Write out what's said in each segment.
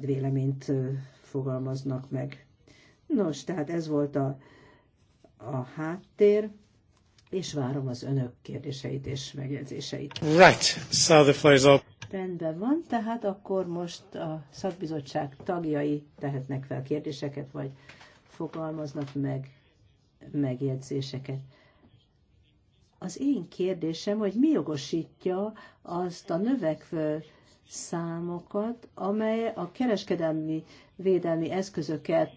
véleményt fogalmaznak meg. Nos, tehát ez volt a, a háttér, és várom az önök kérdéseit és megjegyzéseit. Right, so the floor is up. Rendben van, tehát akkor most a szakbizottság tagjai tehetnek fel kérdéseket, vagy fogalmaznak meg megjegyzéseket. Az én kérdésem, hogy mi jogosítja azt a növekvő számokat, amely a kereskedelmi védelmi eszközöket,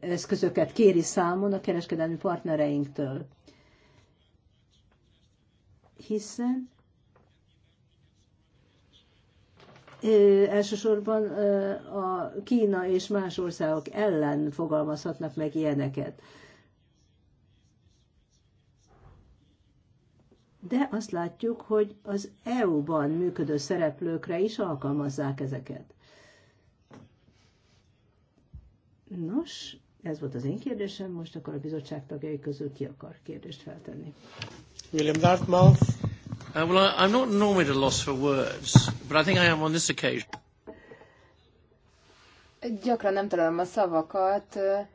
eszközöket kéri számon a kereskedelmi partnereinktől. Hiszen elsősorban a Kína és más országok ellen fogalmazhatnak meg ilyeneket. de azt látjuk, hogy az EU-ban működő szereplőkre is alkalmazzák ezeket. Nos, ez volt az én kérdésem, most akkor a bizottság tagjai közül ki akar kérdést feltenni. William Dartmouth. Uh, well, I'm not normally at a loss for words, but I think I am on this occasion. Gyakran nem találom a szavakat, uh,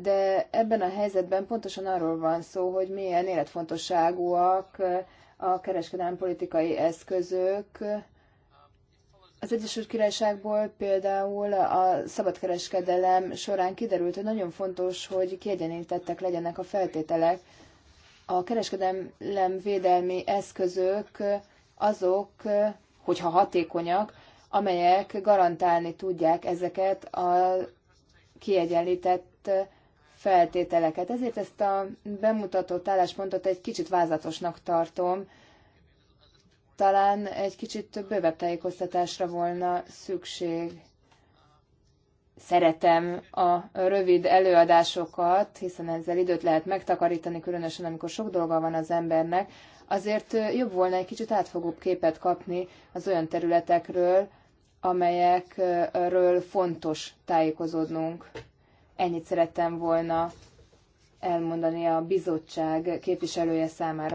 de ebben a helyzetben pontosan arról van szó, hogy milyen életfontosságúak a kereskedelmi politikai eszközök. Az Egyesült Királyságból például a szabadkereskedelem során kiderült, hogy nagyon fontos, hogy kiegyenítettek legyenek a feltételek. A kereskedelem védelmi eszközök azok, hogyha hatékonyak, amelyek garantálni tudják ezeket a kiegyenlített feltételeket. Ezért ezt a bemutatott álláspontot egy kicsit vázatosnak tartom. Talán egy kicsit bővebb tájékoztatásra volna szükség. Szeretem a rövid előadásokat, hiszen ezzel időt lehet megtakarítani, különösen amikor sok dolga van az embernek. Azért jobb volna egy kicsit átfogóbb képet kapni az olyan területekről, amelyekről fontos tájékozódnunk. Ennyit szerettem volna elmondani a bizottság képviselője számára.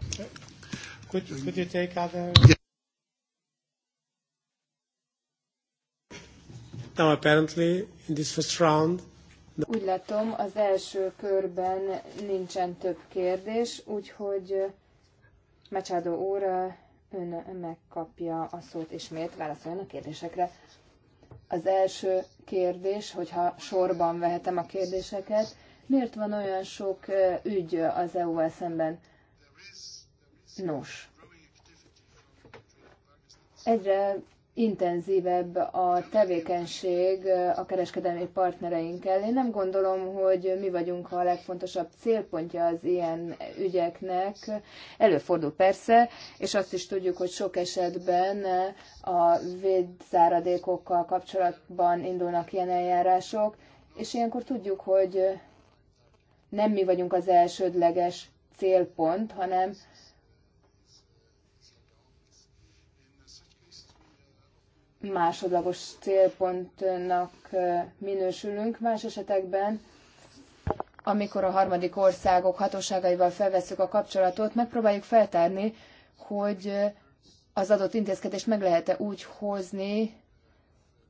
Could, could you take other... Now apparently in this first round úgy látom, az első körben nincsen több kérdés, úgyhogy Mecsádó óra ön megkapja a szót ismét, válaszoljon a kérdésekre. Az első kérdés, hogyha sorban vehetem a kérdéseket, miért van olyan sok ügy az EU-val szemben? Nos, egyre intenzívebb a tevékenység a kereskedelmi partnereinkkel. Én nem gondolom, hogy mi vagyunk a legfontosabb célpontja az ilyen ügyeknek. Előfordul persze, és azt is tudjuk, hogy sok esetben a védzáradékokkal kapcsolatban indulnak ilyen eljárások, és ilyenkor tudjuk, hogy nem mi vagyunk az elsődleges célpont, hanem másodlagos célpontnak minősülünk. Más esetekben, amikor a harmadik országok hatóságaival felveszük a kapcsolatot, megpróbáljuk feltárni, hogy az adott intézkedést meg lehet-e úgy hozni,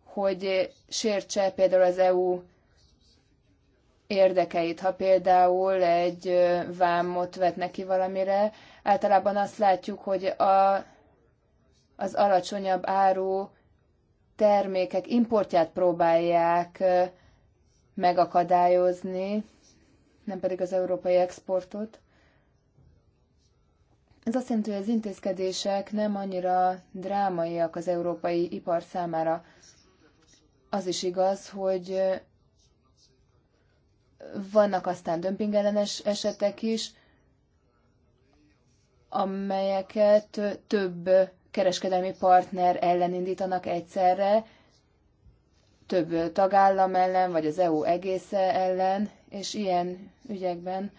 hogy sértse például az EU érdekeit. Ha például egy vámot vetnek ki valamire, általában azt látjuk, hogy a, az alacsonyabb áru termékek importját próbálják megakadályozni, nem pedig az európai exportot. Ez azt jelenti, hogy az intézkedések nem annyira drámaiak az európai ipar számára. Az is igaz, hogy vannak aztán dömpingellenes esetek is, amelyeket több kereskedelmi partner ellen indítanak egyszerre, több tagállam ellen, vagy az EU egésze ellen, és ilyen ügyekben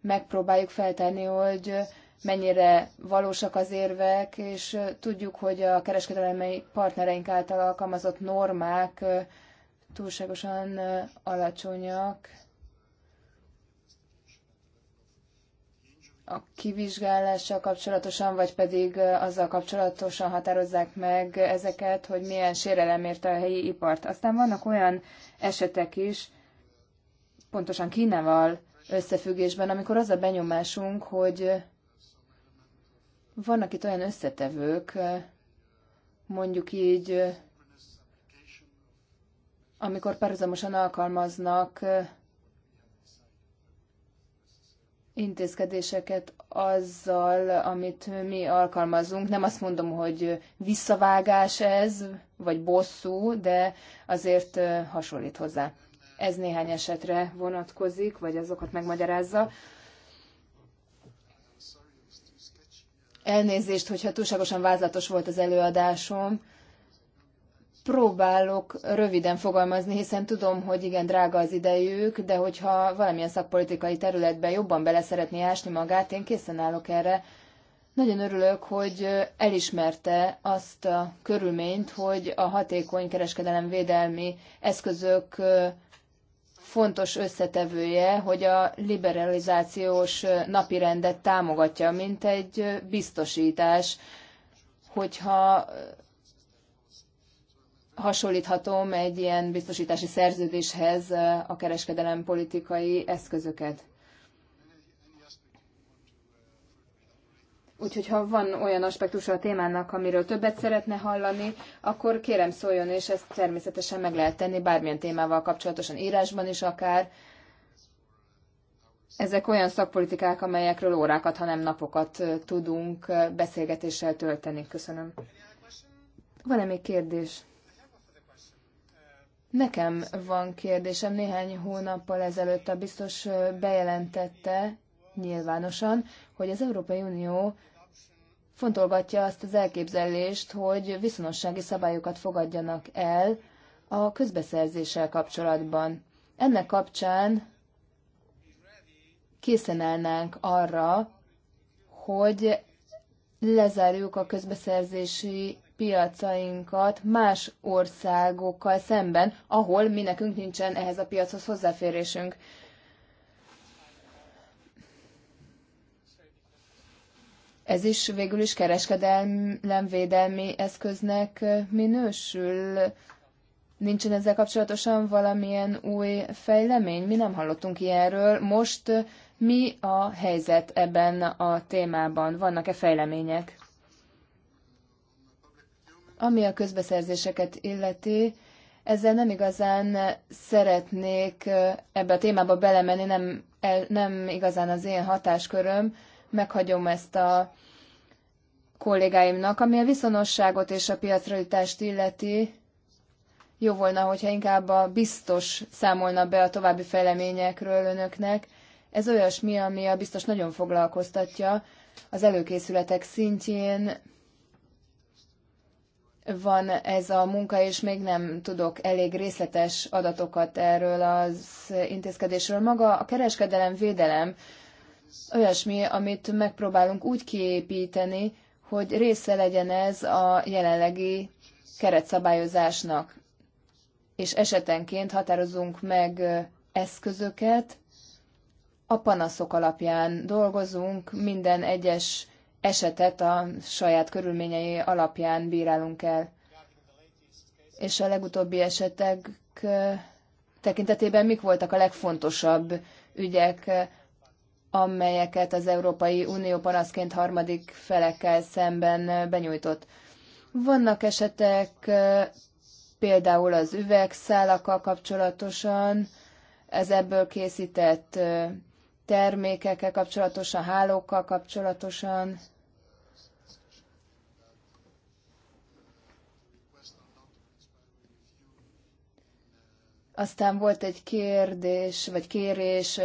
megpróbáljuk feltárni, hogy mennyire valósak az érvek, és tudjuk, hogy a kereskedelmi partnereink által alkalmazott normák túlságosan alacsonyak, a kivizsgálással kapcsolatosan, vagy pedig azzal kapcsolatosan határozzák meg ezeket, hogy milyen sérelem érte a helyi ipart. Aztán vannak olyan esetek is, pontosan Kínával összefüggésben, amikor az a benyomásunk, hogy vannak itt olyan összetevők, mondjuk így, amikor párhuzamosan alkalmaznak intézkedéseket azzal, amit mi alkalmazunk. Nem azt mondom, hogy visszavágás ez, vagy bosszú, de azért hasonlít hozzá. Ez néhány esetre vonatkozik, vagy azokat megmagyarázza. Elnézést, hogyha túlságosan vázlatos volt az előadásom, próbálok röviden fogalmazni, hiszen tudom, hogy igen, drága az idejük, de hogyha valamilyen szakpolitikai területben jobban bele szeretné ásni magát, én készen állok erre. Nagyon örülök, hogy elismerte azt a körülményt, hogy a hatékony védelmi eszközök fontos összetevője, hogy a liberalizációs napirendet támogatja, mint egy biztosítás, hogyha hasonlíthatom egy ilyen biztosítási szerződéshez a kereskedelem politikai eszközöket. Úgyhogy ha van olyan aspektusa a témának, amiről többet szeretne hallani, akkor kérem szóljon, és ezt természetesen meg lehet tenni bármilyen témával kapcsolatosan, írásban is akár. Ezek olyan szakpolitikák, amelyekről órákat, hanem napokat tudunk beszélgetéssel tölteni. Köszönöm. Van-e még kérdés? Nekem van kérdésem, néhány hónappal ezelőtt a biztos bejelentette nyilvánosan, hogy az Európai Unió fontolgatja azt az elképzelést, hogy viszonossági szabályokat fogadjanak el a közbeszerzéssel kapcsolatban. Ennek kapcsán készen állnánk arra, hogy lezárjuk a közbeszerzési piacainkat más országokkal szemben, ahol mi nekünk nincsen ehhez a piachoz hozzáférésünk. Ez is végül is kereskedelemvédelmi eszköznek minősül. Nincsen ezzel kapcsolatosan valamilyen új fejlemény? Mi nem hallottunk ilyenről. Most mi a helyzet ebben a témában? Vannak-e fejlemények? Ami a közbeszerzéseket illeti, ezzel nem igazán szeretnék ebbe a témába belemenni, nem, el, nem igazán az én hatásköröm, meghagyom ezt a kollégáimnak. Ami a viszonosságot és a piacrealitást illeti, jó volna, hogyha inkább a biztos számolna be a további fejleményekről önöknek. Ez olyasmi, ami a biztos nagyon foglalkoztatja az előkészületek szintjén, van ez a munka, és még nem tudok elég részletes adatokat erről az intézkedésről. Maga a kereskedelem védelem olyasmi, amit megpróbálunk úgy kiépíteni, hogy része legyen ez a jelenlegi keretszabályozásnak. És esetenként határozunk meg eszközöket, a panaszok alapján dolgozunk minden egyes esetet a saját körülményei alapján bírálunk el. És a legutóbbi esetek tekintetében mik voltak a legfontosabb ügyek, amelyeket az Európai Unió panaszként harmadik felekkel szemben benyújtott. Vannak esetek például az üvegszálakkal kapcsolatosan, ez ebből készített termékekkel kapcsolatosan, hálókkal kapcsolatosan. Aztán volt egy kérdés, vagy kérés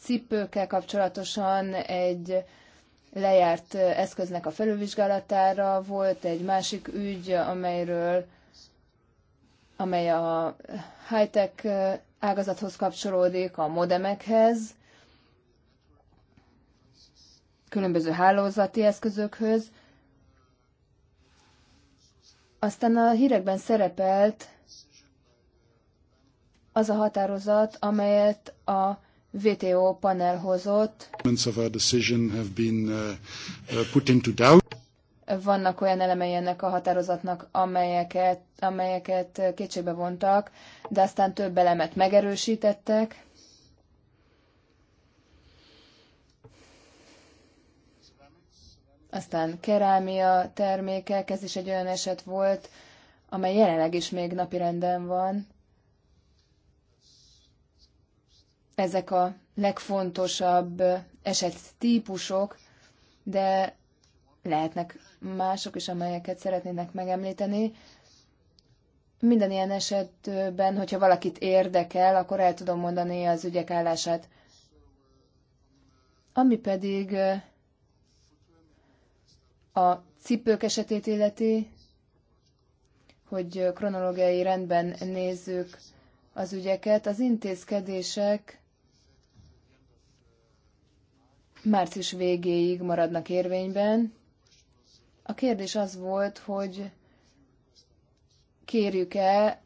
cipőkkel kapcsolatosan egy lejárt eszköznek a felülvizsgálatára. Volt egy másik ügy, amelyről, amely a high-tech ágazathoz kapcsolódik, a modemekhez különböző hálózati eszközökhöz. Aztán a hírekben szerepelt az a határozat, amelyet a VTO panel hozott. Uh, uh, Vannak olyan elemei ennek a határozatnak, amelyeket, amelyeket kétségbe vontak, de aztán több elemet megerősítettek. Aztán kerámia termékek, ez is egy olyan eset volt, amely jelenleg is még napirenden van. Ezek a legfontosabb eset típusok, de lehetnek mások is, amelyeket szeretnének megemlíteni. Minden ilyen esetben, hogyha valakit érdekel, akkor el tudom mondani az ügyek állását. Ami pedig a cipők esetét illeti, hogy kronológiai rendben nézzük az ügyeket, az intézkedések március végéig maradnak érvényben. A kérdés az volt, hogy kérjük-e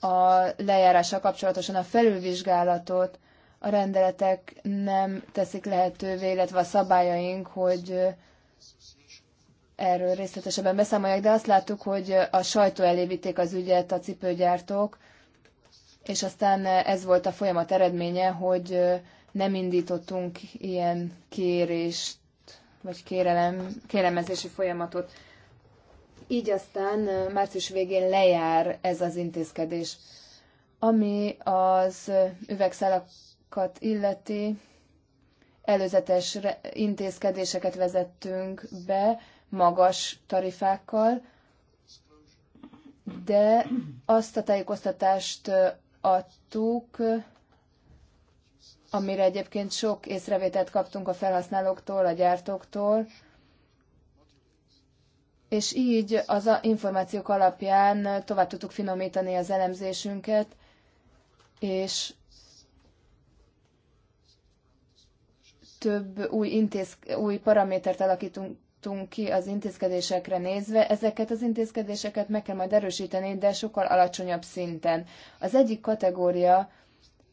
a lejárással kapcsolatosan a felülvizsgálatot, a rendeletek nem teszik lehetővé, illetve a szabályaink, hogy erről részletesebben beszámolják, de azt láttuk, hogy a sajtó elé vitték az ügyet a cipőgyártók, és aztán ez volt a folyamat eredménye, hogy nem indítottunk ilyen kérést, vagy kérelem, kérelmezési folyamatot. Így aztán március végén lejár ez az intézkedés. Ami az üvegszálakat illeti, előzetes intézkedéseket vezettünk be, magas tarifákkal, de azt a tájékoztatást adtuk, amire egyébként sok észrevételt kaptunk a felhasználóktól, a gyártóktól, és így az információk alapján tovább tudtuk finomítani az elemzésünket, és több új, intéz, új paramétert alakítunk alakítottunk ki az intézkedésekre nézve, ezeket az intézkedéseket meg kell majd erősíteni, de sokkal alacsonyabb szinten. Az egyik kategória,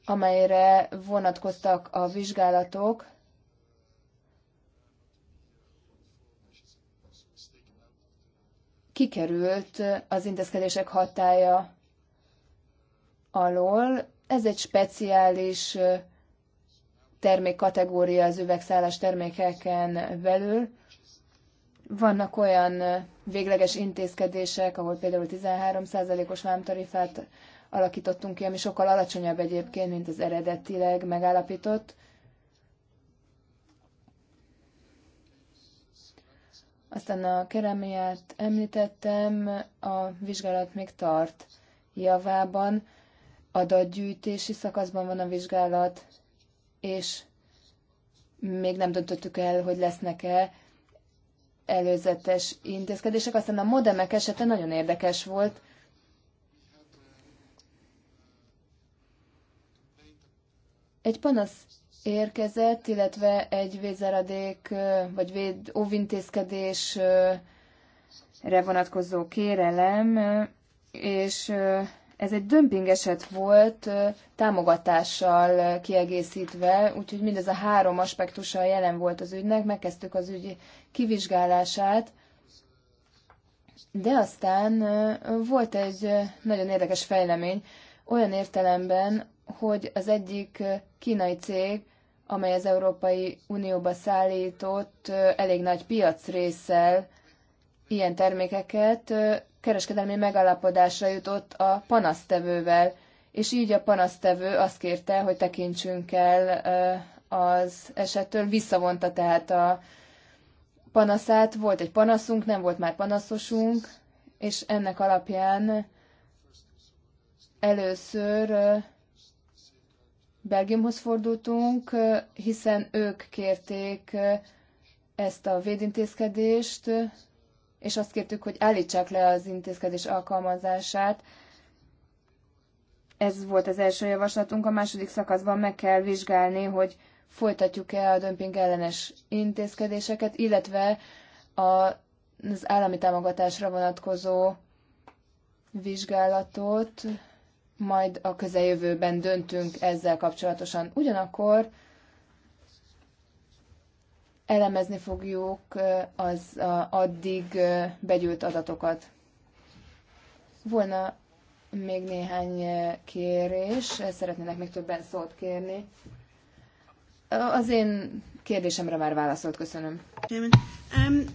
amelyre vonatkoztak a vizsgálatok, kikerült az intézkedések hatája alól. Ez egy speciális eh, termékkategória az üvegszálas termékeken belül, vannak olyan végleges intézkedések, ahol például 13%-os vámtarifát alakítottunk ki, ami sokkal alacsonyabb egyébként, mint az eredetileg megállapított. Aztán a kerámiát említettem, a vizsgálat még tart javában, adatgyűjtési szakaszban van a vizsgálat, és még nem döntöttük el, hogy lesznek-e előzetes intézkedések. Aztán a modemek esete nagyon érdekes volt. Egy panasz érkezett, illetve egy vézeradék vagy óvintézkedésre vonatkozó kérelem, és ez egy dömpingeset volt, támogatással kiegészítve, úgyhogy mindez a három aspektusa jelen volt az ügynek, megkezdtük az ügy kivizsgálását, de aztán volt egy nagyon érdekes fejlemény, olyan értelemben, hogy az egyik kínai cég, amely az Európai Unióba szállított elég nagy piacrészsel ilyen termékeket, kereskedelmi megállapodásra jutott a panasztevővel, és így a panasztevő azt kérte, hogy tekintsünk el az esettől, visszavonta tehát a panaszát, volt egy panaszunk, nem volt már panaszosunk, és ennek alapján először Belgiumhoz fordultunk, hiszen ők kérték ezt a védintézkedést, és azt kértük, hogy állítsák le az intézkedés alkalmazását. Ez volt az első javaslatunk. A második szakaszban meg kell vizsgálni, hogy folytatjuk-e a dömping ellenes intézkedéseket, illetve a, az állami támogatásra vonatkozó vizsgálatot, majd a közeljövőben döntünk ezzel kapcsolatosan. Ugyanakkor Elemezni fogjuk az addig begyűlt adatokat. Volna még néhány kérés, szeretnének még többen szót kérni. Az én kérdésemre már válaszolt, köszönöm. Um,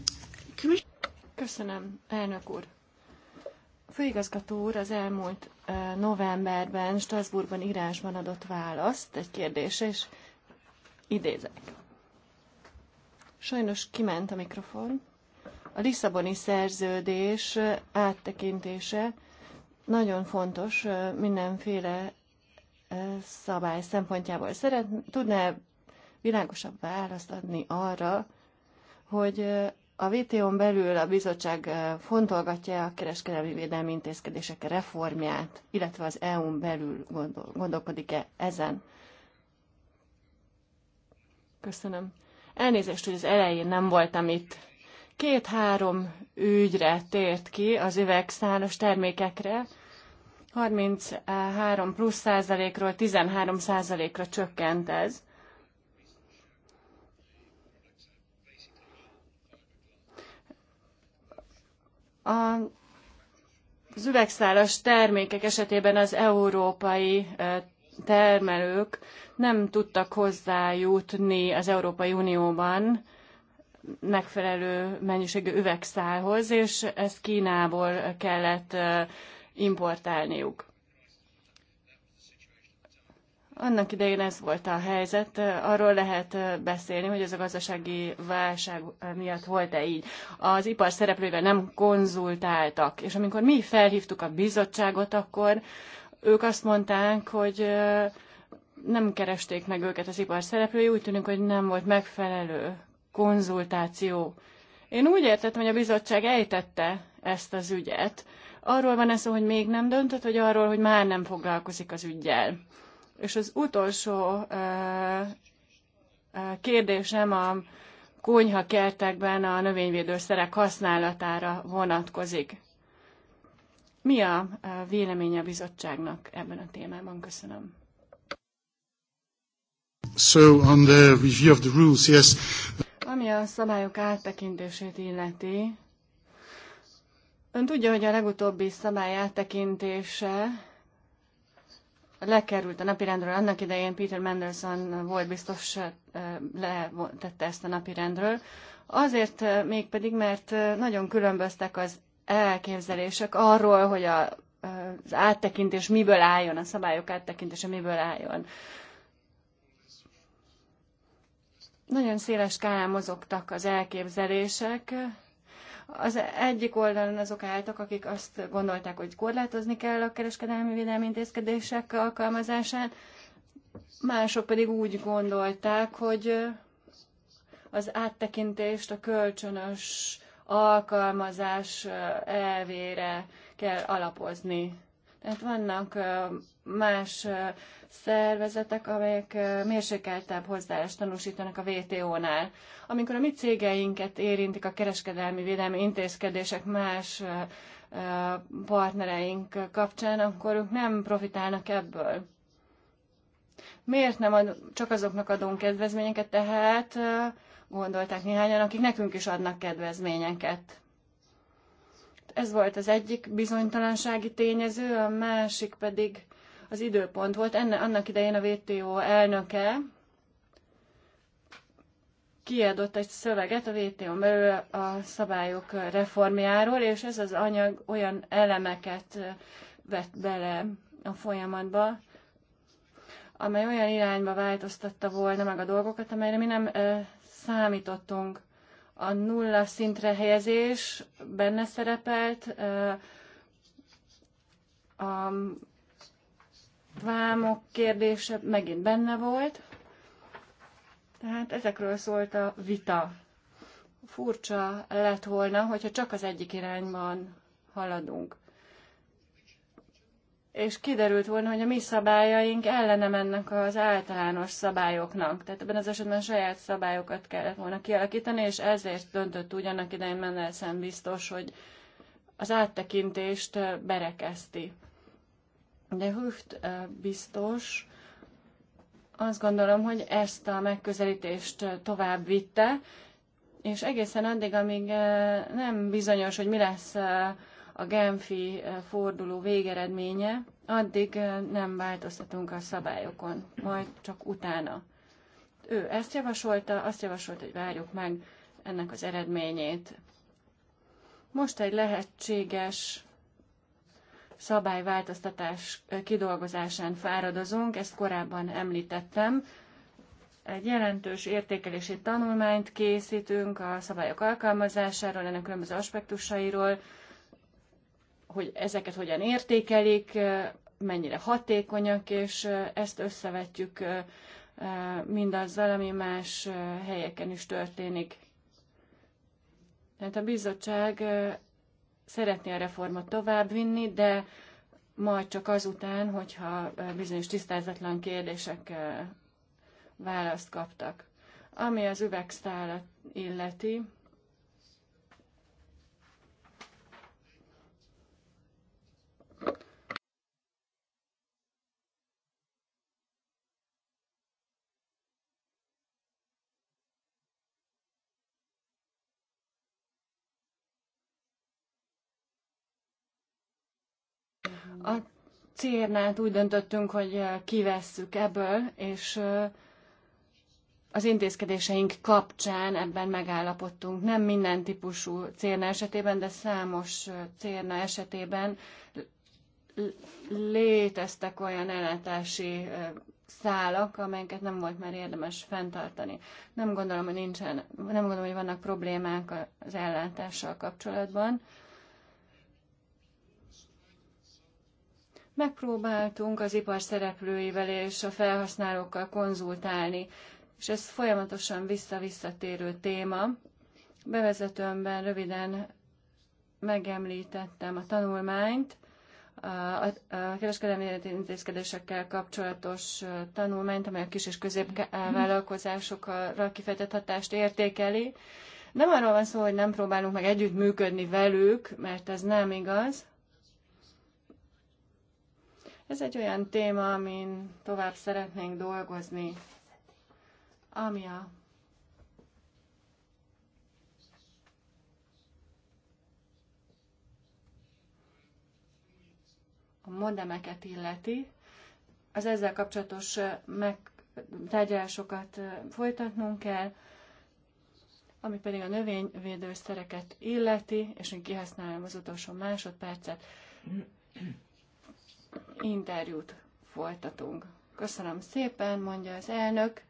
köszönöm, elnök úr. A főigazgató úr az elmúlt novemberben Strasbourgban írásban adott választ egy kérdésre, és idézek. Sajnos kiment a mikrofon. A Lisszaboni szerződés áttekintése nagyon fontos mindenféle szabály szempontjából. Szeret, tudná világosabb választ adni arra, hogy a vto n belül a bizottság fontolgatja a kereskedelmi védelmi intézkedések reformját, illetve az EU-n belül gondol, gondolkodik-e ezen? Köszönöm. Elnézést, hogy az elején nem voltam itt. Két-három ügyre tért ki az üvegszálos termékekre, 33 plusz százalékról 13 százalékra csökkent ez. A az üvegszálas termékek esetében az európai termelők nem tudtak hozzájutni az Európai Unióban megfelelő mennyiségű üvegszálhoz, és ezt Kínából kellett importálniuk. Annak idején ez volt a helyzet. Arról lehet beszélni, hogy ez a gazdasági válság miatt volt-e így. Az ipar szereplőivel nem konzultáltak, és amikor mi felhívtuk a bizottságot, akkor ők azt mondták, hogy nem keresték meg őket az ipar szereplői, úgy tűnik, hogy nem volt megfelelő konzultáció. Én úgy értettem, hogy a bizottság ejtette ezt az ügyet. Arról van ez, hogy még nem döntött, vagy arról, hogy már nem foglalkozik az ügyjel. És az utolsó kérdésem a konyha kertekben a növényvédőszerek használatára vonatkozik. Mi a eh, véleménye a bizottságnak ebben a témában? Köszönöm. So on the review of the rules, yes. Ami a szabályok áttekintését illeti, ön tudja, hogy a legutóbbi szabály áttekintése lekerült a napirendről. Annak idején Peter Mendelssohn volt biztos eh, letette ezt a napirendről. Azért eh, mégpedig, mert nagyon különböztek az elképzelések arról, hogy a, az áttekintés miből álljon, a szabályok áttekintése miből álljon. Nagyon széles skálán mozogtak az elképzelések. Az egyik oldalon azok álltak, akik azt gondolták, hogy korlátozni kell a kereskedelmi védelmi intézkedések alkalmazását, mások pedig úgy gondolták, hogy az áttekintést a kölcsönös alkalmazás elvére kell alapozni. Tehát vannak más szervezetek, amelyek mérsékeltebb hozzáállást tanúsítanak a WTO-nál. Amikor a mi cégeinket érintik a kereskedelmi védelmi intézkedések más partnereink kapcsán, akkor ők nem profitálnak ebből. Miért nem ad, csak azoknak adunk kedvezményeket tehát, gondolták néhányan, akik nekünk is adnak kedvezményeket. Ez volt az egyik bizonytalansági tényező, a másik pedig az időpont volt. Enne, annak idején a WTO elnöke kiadott egy szöveget a wto belül a szabályok reformjáról, és ez az anyag olyan elemeket vett bele a folyamatba, amely olyan irányba változtatta volna meg a dolgokat, amelyre mi nem számítottunk. A nulla szintre helyezés benne szerepelt, a vámok kérdése megint benne volt, tehát ezekről szólt a vita. Furcsa lett volna, hogyha csak az egyik irányban haladunk és kiderült volna, hogy a mi szabályaink ellene mennek az általános szabályoknak. Tehát ebben az esetben saját szabályokat kellett volna kialakítani, és ezért döntött úgy annak idején Mendelszem biztos, hogy az áttekintést berekezti. De Hüft biztos, azt gondolom, hogy ezt a megközelítést tovább vitte, és egészen addig, amíg nem bizonyos, hogy mi lesz a Genfi eh, forduló végeredménye, addig eh, nem változtatunk a szabályokon, majd csak utána. Ő ezt javasolta, azt javasolta, hogy várjuk meg ennek az eredményét. Most egy lehetséges szabályváltoztatás eh, kidolgozásán fáradozunk, ezt korábban említettem. Egy jelentős értékelési tanulmányt készítünk a szabályok alkalmazásáról, ennek különböző aspektusairól, hogy ezeket hogyan értékelik, mennyire hatékonyak, és ezt összevetjük mindazzal, ami más helyeken is történik. Tehát a bizottság szeretné a reformot továbbvinni, de majd csak azután, hogyha bizonyos tisztázatlan kérdések választ kaptak. Ami az üvegszálat illeti, A cérnát úgy döntöttünk, hogy kivesszük ebből, és az intézkedéseink kapcsán ebben megállapodtunk. Nem minden típusú cérna esetében, de számos cérna esetében léteztek olyan ellátási szálak, amelyeket nem volt már érdemes fenntartani. Nem gondolom, hogy nincsen, nem gondolom, hogy vannak problémák az ellátással kapcsolatban. Megpróbáltunk az ipar szereplőivel és a felhasználókkal konzultálni, és ez folyamatosan visszavisszatérő visszatérő téma. Bevezetőmben röviden megemlítettem a tanulmányt, a kereskedelmi intézkedésekkel kapcsolatos tanulmányt, amely a kis és középvállalkozásokra kifejtett hatást értékeli. Nem arról van szó, hogy nem próbálunk meg együttműködni velük, mert ez nem igaz, ez egy olyan téma, amin tovább szeretnénk dolgozni, ami a a modemeket illeti, az ezzel kapcsolatos meg folytatnunk kell, ami pedig a növényvédőszereket illeti, és én kihasználom az utolsó másodpercet interjút folytatunk. Köszönöm szépen, mondja az elnök.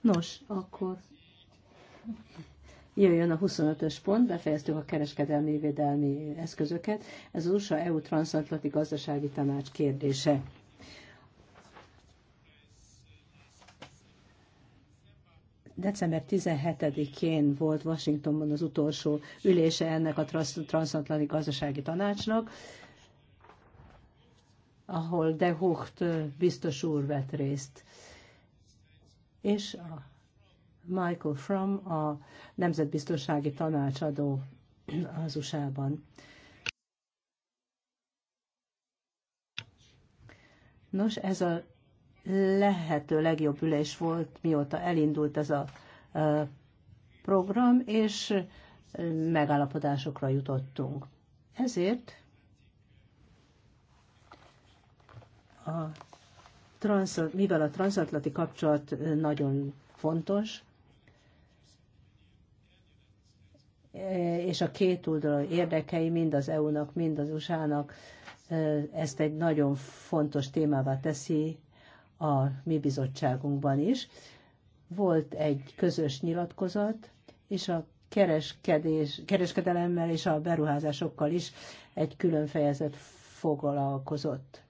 Nos, akkor jöjjön a 25-ös pont, befejeztük a kereskedelmi védelmi eszközöket. Ez az USA-EU transatlanti gazdasági tanács kérdése. December 17-én volt Washingtonban az utolsó ülése ennek a Transatlanti Gazdasági Tanácsnak, ahol de Hucht biztos úr vett részt. És a Michael Fromm, a nemzetbiztonsági tanácsadó az USA-ban. Nos, ez a lehető legjobb ülés volt, mióta elindult ez a program, és megállapodásokra jutottunk. Ezért a transz, mivel a transatlanti kapcsolat nagyon fontos, és a két oldal érdekei mind az EU-nak, mind az USA-nak ezt egy nagyon fontos témává teszi a mi bizottságunkban is. Volt egy közös nyilatkozat, és a kereskedés, kereskedelemmel és a beruházásokkal is egy külön fejezet foglalkozott.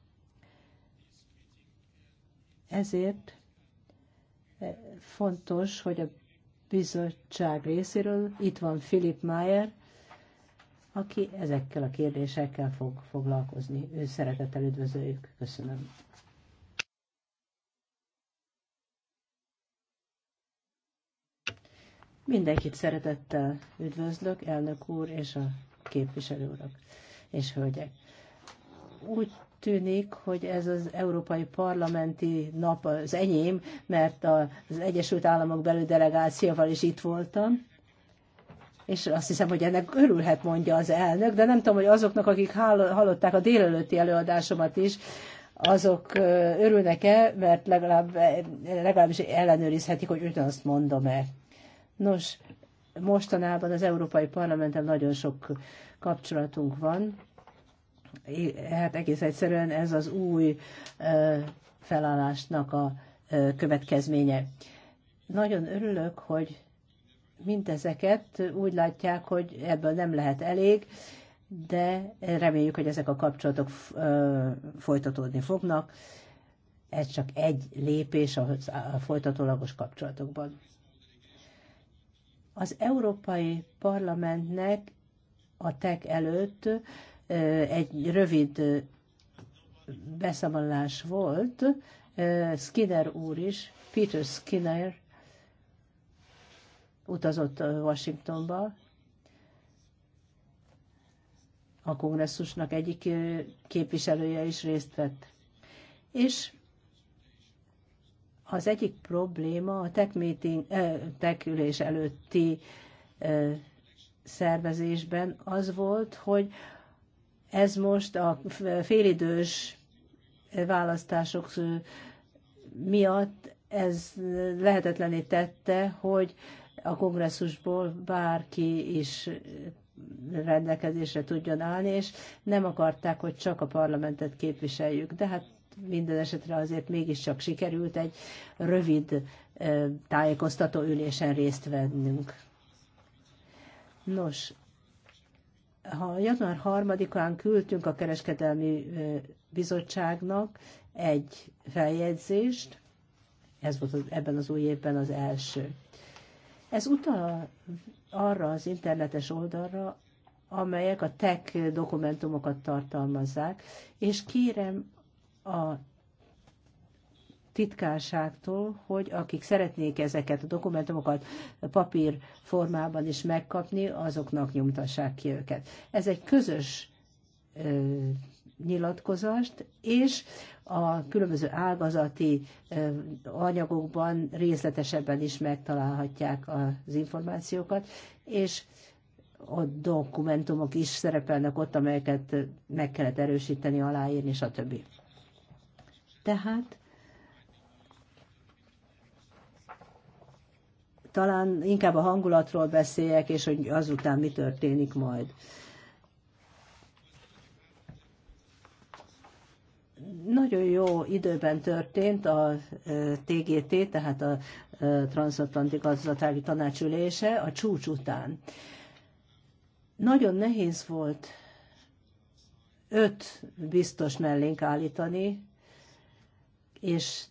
Ezért eh, fontos, hogy a bizottság részéről itt van Philip Mayer, aki ezekkel a kérdésekkel fog foglalkozni. Ő szeretettel üdvözöljük. Köszönöm. Mindenkit szeretettel üdvözlök, elnök úr és a képviselő urak és hölgyek. Úgy tűnik, hogy ez az Európai Parlamenti nap az enyém, mert az Egyesült Államok belül delegációval is itt voltam, és azt hiszem, hogy ennek örülhet, mondja az elnök, de nem tudom, hogy azoknak, akik hallották a délelőtti előadásomat is, azok örülnek-e, mert legalább, legalábbis ellenőrizhetik, hogy ugyanazt mondom-e. Nos, mostanában az Európai Parlamenten nagyon sok kapcsolatunk van. Hát egész egyszerűen ez az új felállásnak a következménye. Nagyon örülök, hogy mindezeket úgy látják, hogy ebből nem lehet elég, de reméljük, hogy ezek a kapcsolatok folytatódni fognak. Ez csak egy lépés a folytatólagos kapcsolatokban. Az Európai Parlamentnek a TEK előtt egy rövid beszámolás volt, Skinner úr is, Peter Skinner utazott Washingtonba, a kongresszusnak egyik képviselője is részt vett. És az egyik probléma a tech, meeting, eh, tech ülés előtti eh, szervezésben az volt, hogy ez most a félidős választások miatt ez lehetetlené tette, hogy a kongresszusból bárki is rendelkezésre tudjon állni, és nem akarták, hogy csak a parlamentet képviseljük. De hát minden esetre azért mégiscsak sikerült egy rövid tájékoztató ülésen részt vennünk. Nos, ha január 3-án küldtünk a kereskedelmi bizottságnak egy feljegyzést, ez volt az, ebben az új évben az első. Ez utal arra az internetes oldalra, amelyek a tech dokumentumokat tartalmazzák, és kérem a titkárságtól, hogy akik szeretnék ezeket a dokumentumokat papír formában is megkapni, azoknak nyomtassák ki őket. Ez egy közös ö, nyilatkozást, és a különböző ágazati ö, anyagokban részletesebben is megtalálhatják az információkat, és a dokumentumok is szerepelnek ott, amelyeket meg kellett erősíteni, aláírni, stb. Tehát talán inkább a hangulatról beszéljek, és hogy azután mi történik majd. Nagyon jó időben történt a TGT, tehát a Transatlanti Gazdasági Tanácsülése a csúcs után. Nagyon nehéz volt öt biztos mellénk állítani, és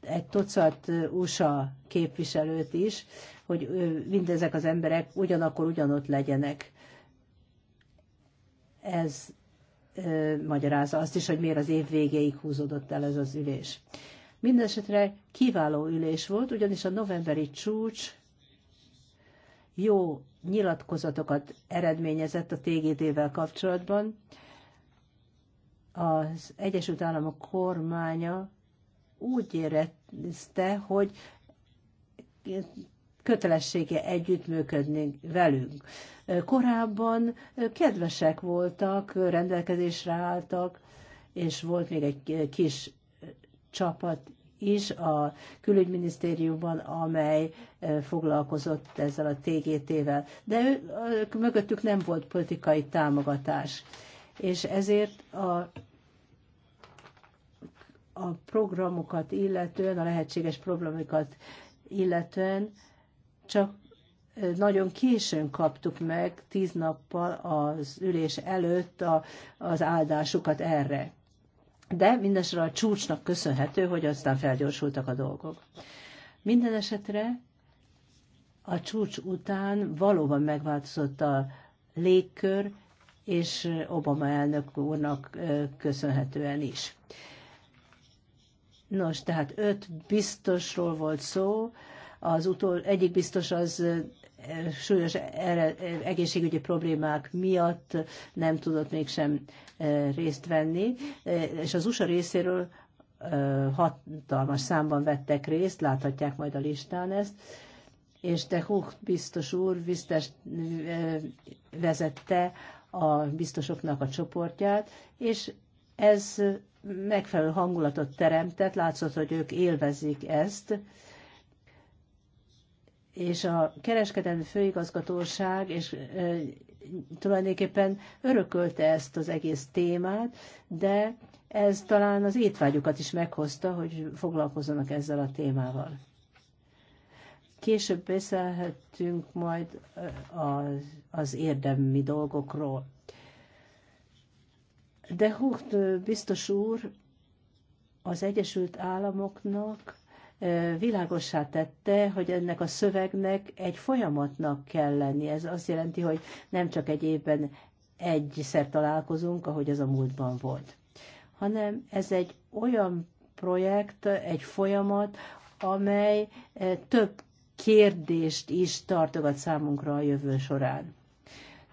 egy tucat USA képviselőt is, hogy mindezek az emberek ugyanakkor ugyanott legyenek. Ez ö, magyarázza azt is, hogy miért az év végéig húzódott el ez az ülés. Mindenesetre kiváló ülés volt, ugyanis a novemberi csúcs jó nyilatkozatokat eredményezett a tgt vel kapcsolatban, az Egyesült Államok kormánya úgy érezte, hogy kötelessége együttműködni velünk. Korábban kedvesek voltak, rendelkezésre álltak, és volt még egy kis csapat is a külügyminisztériumban, amely e, foglalkozott ezzel a TGT-vel. De ő, mögöttük nem volt politikai támogatás és ezért a a programokat illetően, a lehetséges programokat illetően csak nagyon későn kaptuk meg, tíz nappal az ülés előtt a, az áldásukat erre. De mindesre a csúcsnak köszönhető, hogy aztán felgyorsultak a dolgok. Minden esetre a csúcs után valóban megváltozott a légkör, és Obama elnök úrnak köszönhetően is. Nos, tehát öt biztosról volt szó, az utol, egyik biztos az súlyos egészségügyi problémák miatt nem tudott mégsem részt venni, és az USA részéről hatalmas számban vettek részt, láthatják majd a listán ezt, és de Huch biztos úr biztos vezette a biztosoknak a csoportját, és ez megfelelő hangulatot teremtett, látszott, hogy ők élvezik ezt, és a kereskedelmi főigazgatóság és tulajdonképpen örökölte ezt az egész témát, de ez talán az étvágyukat is meghozta, hogy foglalkozzanak ezzel a témával. Később beszélhetünk majd az, az érdemi dolgokról. De Hucht biztos úr az Egyesült Államoknak világosá tette, hogy ennek a szövegnek egy folyamatnak kell lenni. Ez azt jelenti, hogy nem csak egy évben egyszer találkozunk, ahogy ez a múltban volt, hanem ez egy olyan projekt, egy folyamat, amely több kérdést is tartogat számunkra a jövő során.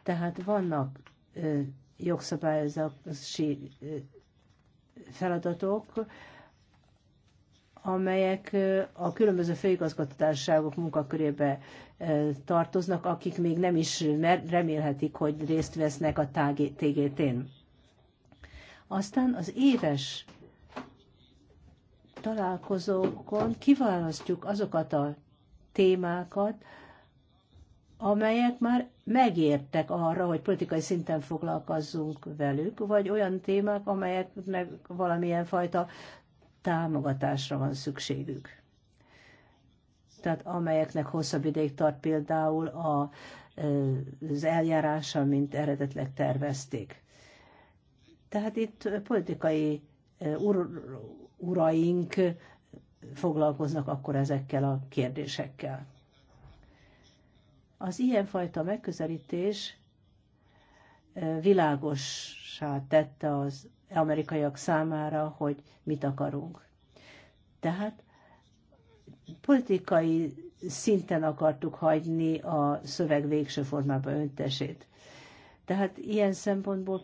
Tehát vannak ö, jogszabályozási feladatok, amelyek a különböző főigazgatótárságok munkakörébe tartoznak, akik még nem is remélhetik, hogy részt vesznek a TGT-n. Aztán az éves találkozókon kiválasztjuk azokat a témákat, amelyek már megértek arra, hogy politikai szinten foglalkozzunk velük, vagy olyan témák, amelyeknek valamilyen fajta támogatásra van szükségük. Tehát amelyeknek hosszabb ideig tart például a, az eljárása, mint eredetleg tervezték. Tehát itt politikai ur, uraink foglalkoznak akkor ezekkel a kérdésekkel. Az ilyenfajta megközelítés világossá tette az amerikaiak számára, hogy mit akarunk. Tehát politikai szinten akartuk hagyni a szöveg végső formába öntesét. Tehát ilyen szempontból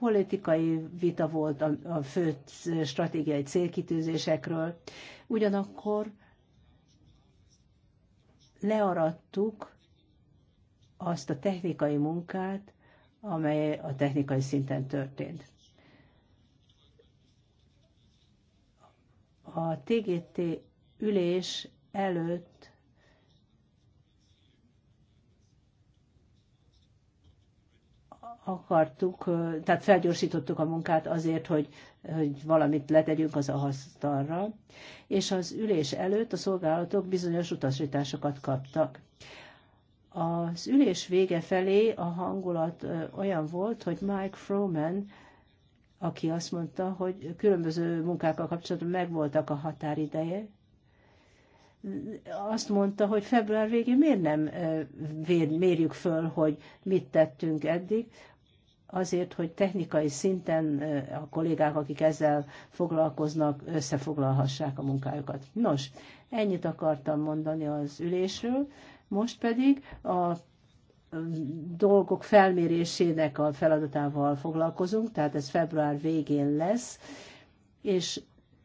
politikai vita volt a, a fő stratégiai célkitűzésekről, ugyanakkor learadtuk azt a technikai munkát, amely a technikai szinten történt. A TGT ülés előtt akartuk, tehát felgyorsítottuk a munkát azért, hogy, hogy valamit letegyünk az asztalra, és az ülés előtt a szolgálatok bizonyos utasításokat kaptak. Az ülés vége felé a hangulat olyan volt, hogy Mike Froman, aki azt mondta, hogy különböző munkákkal kapcsolatban megvoltak a határideje, azt mondta, hogy február végén miért nem mérjük föl, hogy mit tettünk eddig, azért, hogy technikai szinten a kollégák, akik ezzel foglalkoznak, összefoglalhassák a munkájukat. Nos, ennyit akartam mondani az ülésről, most pedig a dolgok felmérésének a feladatával foglalkozunk, tehát ez február végén lesz, és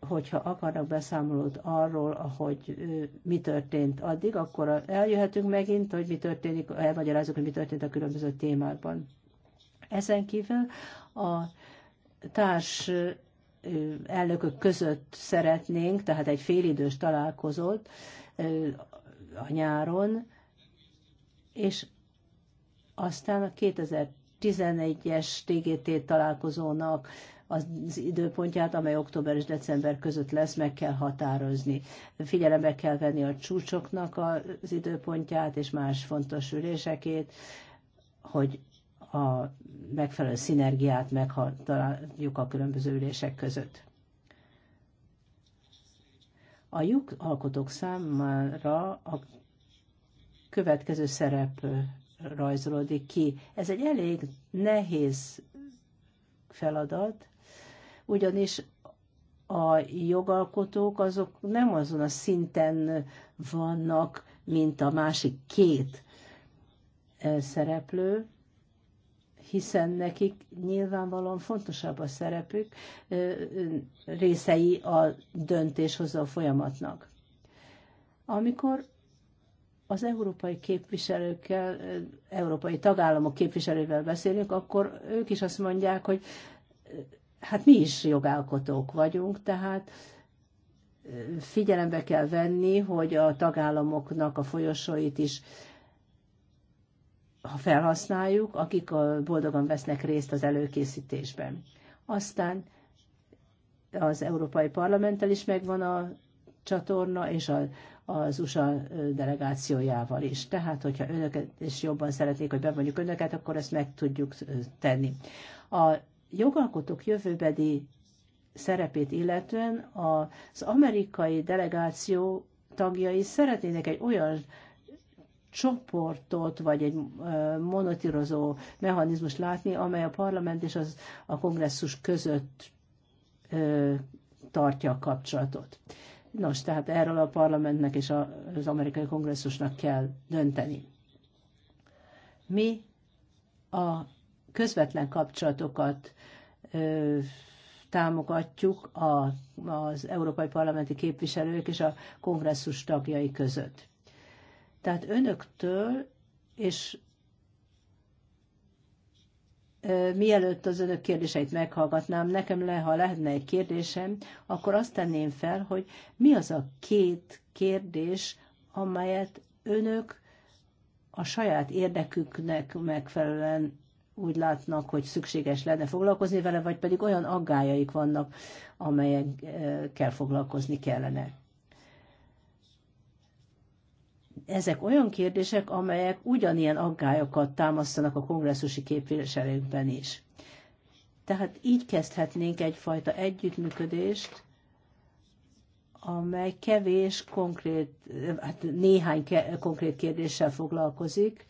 hogyha akarnak beszámolót arról, hogy mi történt addig, akkor eljöhetünk megint, hogy mi történik, elmagyarázunk, hogy mi történt a különböző témákban. Ezen kívül a társ elnökök között szeretnénk, tehát egy félidős találkozót a nyáron, és aztán a 2011-es TGT találkozónak az időpontját, amely október és december között lesz, meg kell határozni. Figyelembe kell venni a csúcsoknak az időpontját és más fontos ülésekét, hogy a megfelelő szinergiát megtaláljuk a különböző ülések között. A lyuk alkotók számára a következő szerep rajzolódik ki. Ez egy elég nehéz feladat, ugyanis a jogalkotók azok nem azon a szinten vannak, mint a másik két eh, szereplő, hiszen nekik nyilvánvalóan fontosabb a szerepük, részei a döntéshozó folyamatnak. Amikor az európai képviselőkkel, európai tagállamok képviselővel beszélünk, akkor ők is azt mondják, hogy hát mi is jogalkotók vagyunk, tehát figyelembe kell venni, hogy a tagállamoknak a folyosóit is ha felhasználjuk, akik boldogan vesznek részt az előkészítésben. Aztán az Európai Parlamenttel is megvan a csatorna, és a, az USA delegációjával is. Tehát, hogyha önöket is jobban szeretnék, hogy bevonjuk önöket, akkor ezt meg tudjuk tenni. A jogalkotók jövőbeli szerepét illetően az amerikai delegáció tagjai szeretnének egy olyan csoportot, vagy egy monotírozó mechanizmust látni, amely a parlament és az, a kongresszus között ö, tartja a kapcsolatot. Nos, tehát erről a parlamentnek és az amerikai kongresszusnak kell dönteni. Mi a közvetlen kapcsolatokat ö, támogatjuk a, az európai parlamenti képviselők és a kongresszus tagjai között tehát önöktől, és mielőtt az önök kérdéseit meghallgatnám, nekem le, ha lehetne egy kérdésem, akkor azt tenném fel, hogy mi az a két kérdés, amelyet önök a saját érdeküknek megfelelően úgy látnak, hogy szükséges lenne foglalkozni vele, vagy pedig olyan aggájaik vannak, amelyekkel foglalkozni kellene ezek olyan kérdések, amelyek ugyanilyen aggályokat támasztanak a kongresszusi képviselőkben is. Tehát így kezdhetnénk egyfajta együttműködést, amely kevés konkrét, hát néhány ke- konkrét kérdéssel foglalkozik,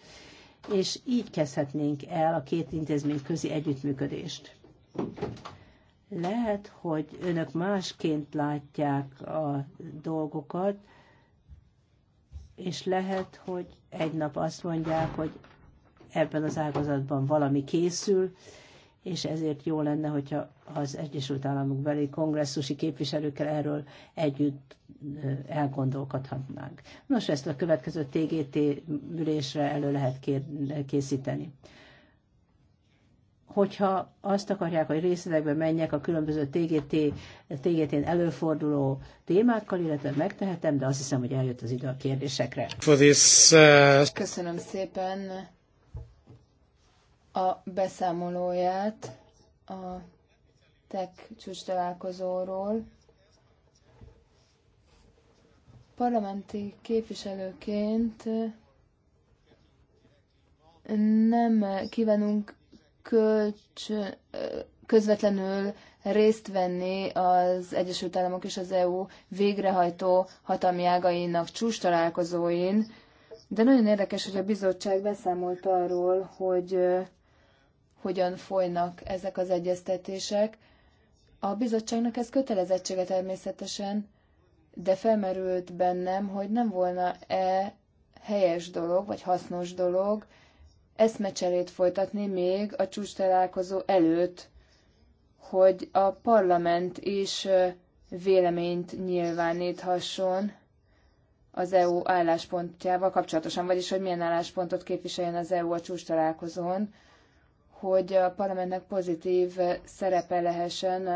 és így kezdhetnénk el a két intézmény közi együttműködést. Lehet, hogy önök másként látják a dolgokat, és lehet, hogy egy nap azt mondják, hogy ebben az ágazatban valami készül, és ezért jó lenne, hogyha az Egyesült Államok beli kongresszusi képviselőkkel erről együtt elgondolkodhatnánk. Nos, ezt a következő TGT ülésre elő lehet készíteni hogyha azt akarják, hogy részletekbe menjek a különböző TGT, TGT-n előforduló témákkal, illetve megtehetem, de azt hiszem, hogy eljött az idő a kérdésekre. This, uh... Köszönöm szépen a beszámolóját a TEC csúcs találkozóról. Parlamenti képviselőként nem kívánunk kölcs, közvetlenül részt venni az Egyesült Államok és az EU végrehajtó hatalmi ágainak csúcs találkozóin, de nagyon érdekes, hogy a bizottság beszámolt arról, hogy hogyan folynak ezek az egyeztetések. A bizottságnak ez kötelezettsége természetesen, de felmerült bennem, hogy nem volna-e helyes dolog, vagy hasznos dolog eszmecserét folytatni még a csúcs találkozó előtt, hogy a parlament is véleményt nyilváníthasson az EU álláspontjával kapcsolatosan, vagyis hogy milyen álláspontot képviseljen az EU a csúcs találkozón, hogy a parlamentnek pozitív szerepe lehessen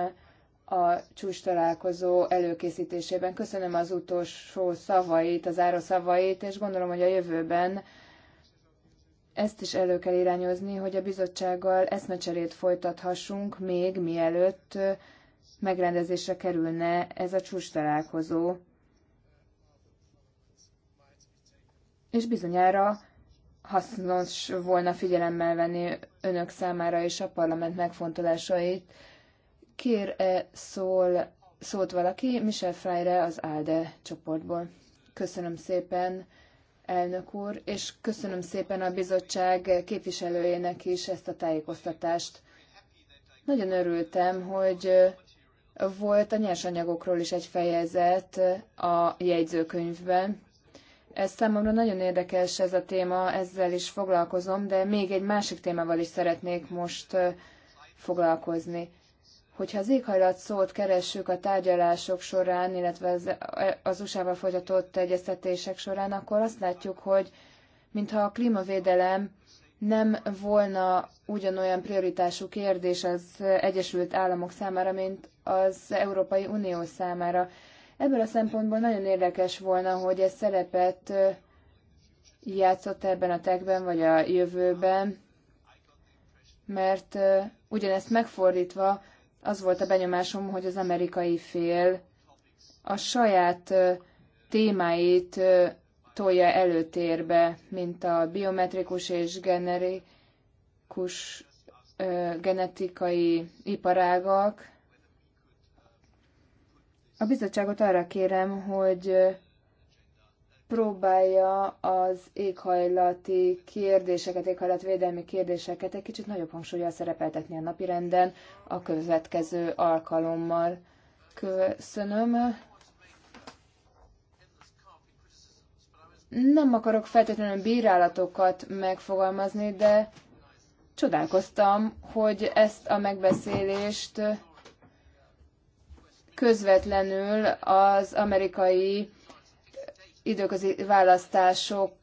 a csúcs találkozó előkészítésében. Köszönöm az utolsó szavait, az áró szavait, és gondolom, hogy a jövőben ezt is elő kell irányozni, hogy a bizottsággal eszmecserét folytathassunk még mielőtt megrendezésre kerülne ez a csúcs találkozó. És bizonyára hasznos volna figyelemmel venni önök számára és a parlament megfontolásait. Kér-e szól, szólt valaki Michel Freire az ALDE csoportból? Köszönöm szépen, elnök úr, és köszönöm szépen a bizottság képviselőjének is ezt a tájékoztatást. Nagyon örültem, hogy volt a nyersanyagokról is egy fejezet a jegyzőkönyvben. Ez számomra nagyon érdekes ez a téma, ezzel is foglalkozom, de még egy másik témával is szeretnék most foglalkozni hogyha az éghajlat szót keressük a tárgyalások során, illetve az, az USA-val folytatott egyeztetések során, akkor azt látjuk, hogy mintha a klímavédelem nem volna ugyanolyan prioritású kérdés az Egyesült Államok számára, mint az Európai Unió számára. Ebből a szempontból nagyon érdekes volna, hogy ez szerepet játszott ebben a tekben, vagy a jövőben, mert ugyanezt megfordítva az volt a benyomásom, hogy az amerikai fél a saját témáit tolja előtérbe, mint a biometrikus és generikus genetikai iparágak. A bizottságot arra kérem, hogy próbálja az éghajlati kérdéseket, éghajlatvédelmi kérdéseket egy kicsit nagyobb hangsúlyjal szerepeltetni a napirenden a következő alkalommal. Köszönöm. Nem akarok feltétlenül bírálatokat megfogalmazni, de csodálkoztam, hogy ezt a megbeszélést közvetlenül az amerikai időközi választások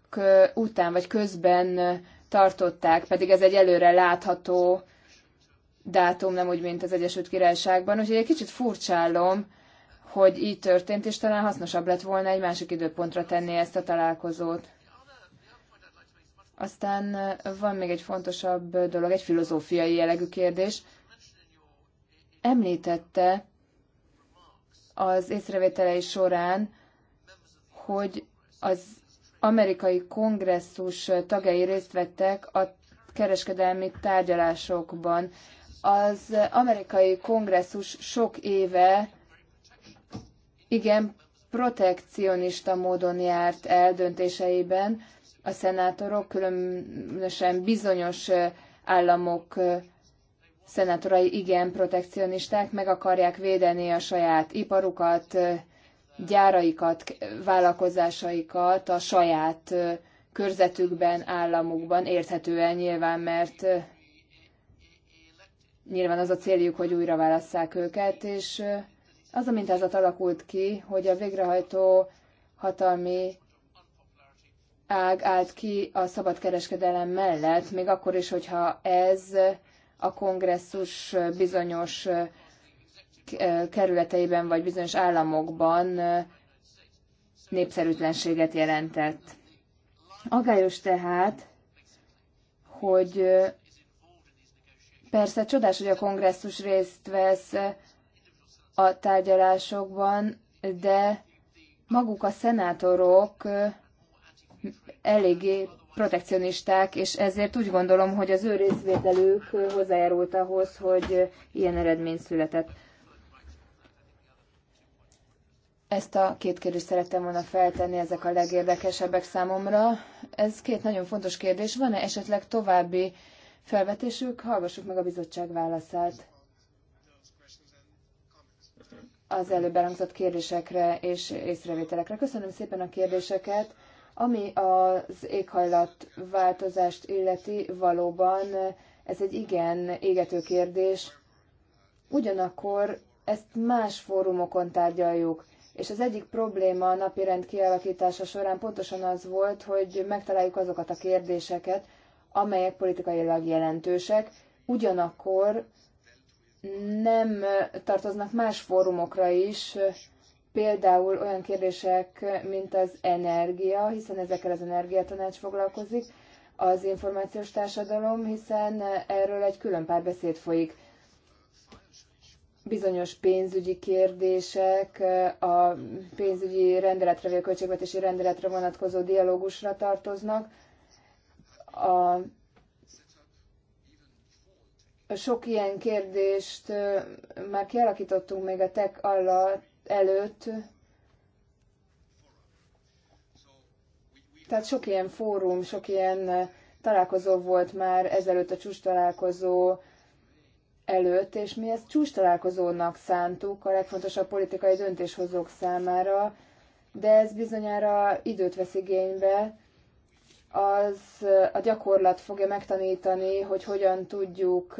után vagy közben tartották, pedig ez egy előre látható dátum, nem úgy, mint az Egyesült Királyságban. Úgyhogy egy kicsit furcsálom, hogy így történt, és talán hasznosabb lett volna egy másik időpontra tenni ezt a találkozót. Aztán van még egy fontosabb dolog, egy filozófiai jellegű kérdés. Említette az észrevételei során, hogy az amerikai kongresszus tagjai részt vettek a kereskedelmi tárgyalásokban. Az amerikai kongresszus sok éve igen protekcionista módon járt el döntéseiben a szenátorok, különösen bizonyos államok szenátorai igen protekcionisták, meg akarják védeni a saját iparukat, gyáraikat, vállalkozásaikat a saját körzetükben, államukban, érthetően nyilván, mert nyilván az a céljuk, hogy újra válasszák őket, és az a mintázat alakult ki, hogy a végrehajtó hatalmi ág állt ki a szabadkereskedelem mellett, még akkor is, hogyha ez a kongresszus bizonyos kerületeiben vagy bizonyos államokban népszerűtlenséget jelentett. Agályos tehát, hogy persze csodás, hogy a kongresszus részt vesz a tárgyalásokban, de maguk a szenátorok eléggé protekcionisták, és ezért úgy gondolom, hogy az ő részvételük hozzájárult ahhoz, hogy ilyen eredmény született. Ezt a két kérdést szerettem volna feltenni, ezek a legérdekesebbek számomra. Ez két nagyon fontos kérdés. Van-e esetleg további felvetésük? Hallgassuk meg a bizottság válaszát az előbb elhangzott kérdésekre és észrevételekre. Köszönöm szépen a kérdéseket. Ami az éghajlatváltozást illeti, valóban ez egy igen égető kérdés. Ugyanakkor ezt más fórumokon tárgyaljuk. És az egyik probléma a napirend kialakítása során pontosan az volt, hogy megtaláljuk azokat a kérdéseket, amelyek politikailag jelentősek, ugyanakkor nem tartoznak más fórumokra is, például olyan kérdések, mint az energia, hiszen ezekkel az energiatanács foglalkozik, az információs társadalom, hiszen erről egy külön párbeszéd folyik bizonyos pénzügyi kérdések a pénzügyi rendeletre vagy a költségvetési rendeletre vonatkozó dialógusra tartoznak. A sok ilyen kérdést már kialakítottunk még a TEC előtt, tehát sok ilyen fórum, sok ilyen találkozó volt már ezelőtt a csúcs találkozó előtt, és mi ezt csúcs találkozónak szántuk a legfontosabb politikai döntéshozók számára, de ez bizonyára időt vesz igénybe, az a gyakorlat fogja megtanítani, hogy hogyan tudjuk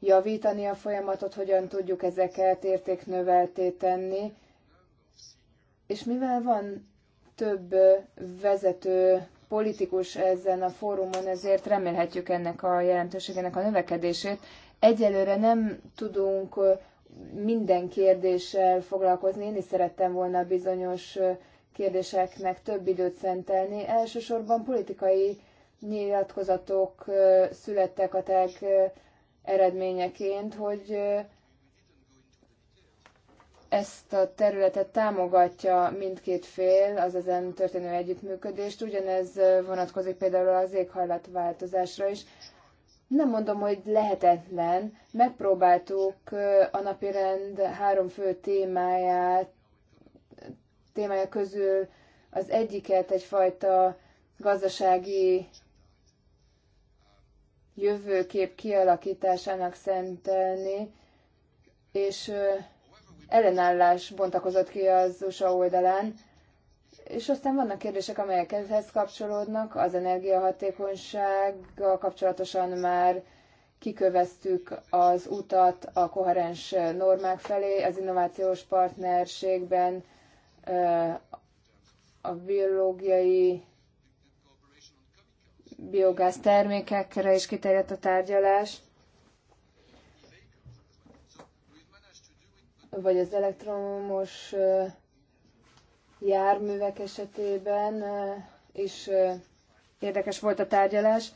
javítani a folyamatot, hogyan tudjuk ezeket értéknövelté tenni. És mivel van több vezető politikus ezen a fórumon, ezért remélhetjük ennek a jelentőségének a növekedését. Egyelőre nem tudunk minden kérdéssel foglalkozni, én is szerettem volna bizonyos kérdéseknek több időt szentelni. Elsősorban politikai nyilatkozatok születtek a tag eredményeként, hogy ezt a területet támogatja mindkét fél, az ezen történő együttműködést. Ugyanez vonatkozik például az éghajlatváltozásra is nem mondom, hogy lehetetlen, megpróbáltuk a napirend három fő témáját, témája közül az egyiket egyfajta gazdasági jövőkép kialakításának szentelni, és ellenállás bontakozott ki az USA oldalán. És aztán vannak kérdések, amelyek ehhez kapcsolódnak, az energiahatékonysággal kapcsolatosan már kiköveztük az utat a koherens normák felé, az innovációs partnerségben a biológiai biogáz termékekre is kiterjedt a tárgyalás, vagy az elektromos járművek esetében is érdekes volt a tárgyalás.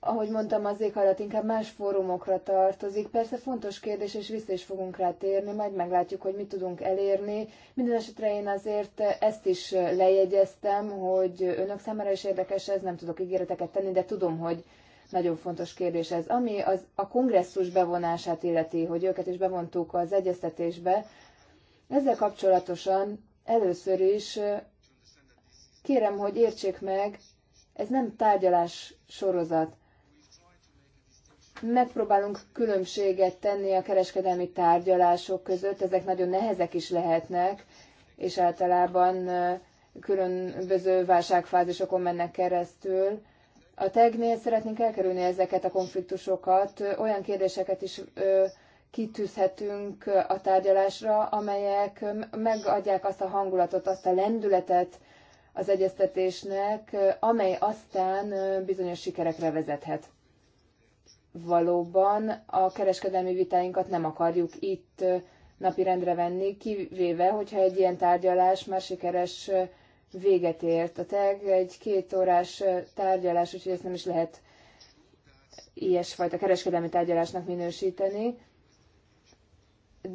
Ahogy mondtam, az éghajlat inkább más fórumokra tartozik. Persze fontos kérdés, és vissza is fogunk rá térni, majd meglátjuk, hogy mit tudunk elérni. Minden esetre én azért ezt is lejegyeztem, hogy önök számára is érdekes ez, nem tudok ígéreteket tenni, de tudom, hogy nagyon fontos kérdés ez. Ami az, a kongresszus bevonását illeti, hogy őket is bevontuk az egyeztetésbe, ezzel kapcsolatosan először is kérem, hogy értsék meg, ez nem tárgyalás sorozat. Megpróbálunk különbséget tenni a kereskedelmi tárgyalások között, ezek nagyon nehezek is lehetnek, és általában különböző válságfázisokon mennek keresztül. A tegnél szeretnénk elkerülni ezeket a konfliktusokat, olyan kérdéseket is kitűzhetünk a tárgyalásra, amelyek megadják azt a hangulatot, azt a lendületet az egyeztetésnek, amely aztán bizonyos sikerekre vezethet. Valóban a kereskedelmi vitáinkat nem akarjuk itt napirendre venni, kivéve, hogyha egy ilyen tárgyalás már sikeres véget ért. A tag egy két órás tárgyalás, úgyhogy ezt nem is lehet ilyesfajta kereskedelmi tárgyalásnak minősíteni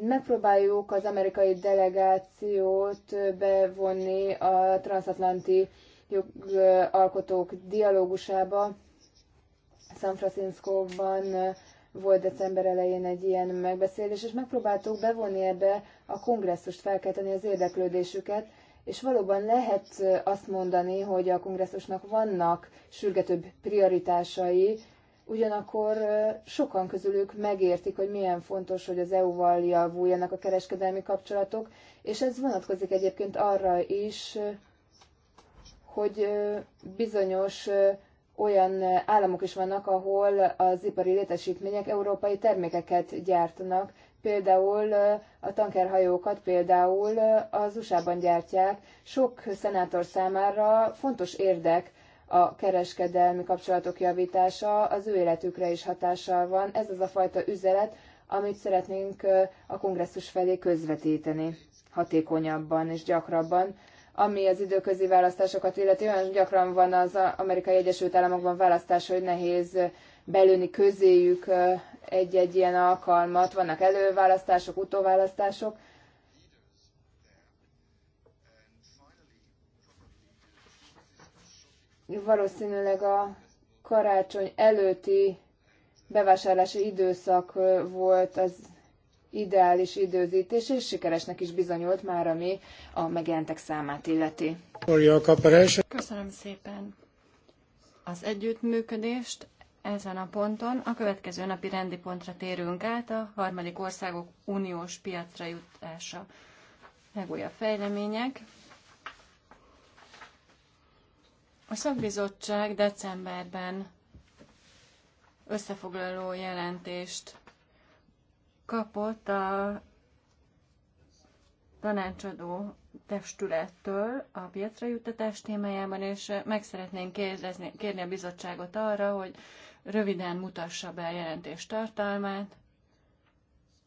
megpróbáljuk az amerikai delegációt bevonni a transatlanti jogalkotók dialógusába. San Franciscóban volt december elején egy ilyen megbeszélés, és megpróbáltuk bevonni ebbe a kongresszust, felkelteni az érdeklődésüket, és valóban lehet azt mondani, hogy a kongresszusnak vannak sürgetőbb prioritásai, ugyanakkor sokan közülük megértik, hogy milyen fontos, hogy az EU-val javuljanak a kereskedelmi kapcsolatok, és ez vonatkozik egyébként arra is, hogy bizonyos olyan államok is vannak, ahol az ipari létesítmények európai termékeket gyártanak, például a tankerhajókat például az USA-ban gyártják. Sok szenátor számára fontos érdek, a kereskedelmi kapcsolatok javítása az ő életükre is hatással van. Ez az a fajta üzenet, amit szeretnénk a kongresszus felé közvetíteni hatékonyabban és gyakrabban. Ami az időközi választásokat illeti, olyan gyakran van az Amerikai Egyesült Államokban választás, hogy nehéz belőni közéjük egy-egy ilyen alkalmat. Vannak előválasztások, utóválasztások, valószínűleg a karácsony előtti bevásárlási időszak volt az ideális időzítés, és sikeresnek is bizonyult már, ami a megjelentek számát illeti. Köszönöm szépen az együttműködést. Ezen a ponton a következő napi rendi pontra térünk át, a harmadik országok uniós piacra jutása. Legújabb fejlemények. A szakbizottság decemberben összefoglaló jelentést kapott a tanácsadó testülettől a piacra juttatás témájában, és meg szeretném kérdezni, kérni a bizottságot arra, hogy röviden mutassa be a jelentés tartalmát,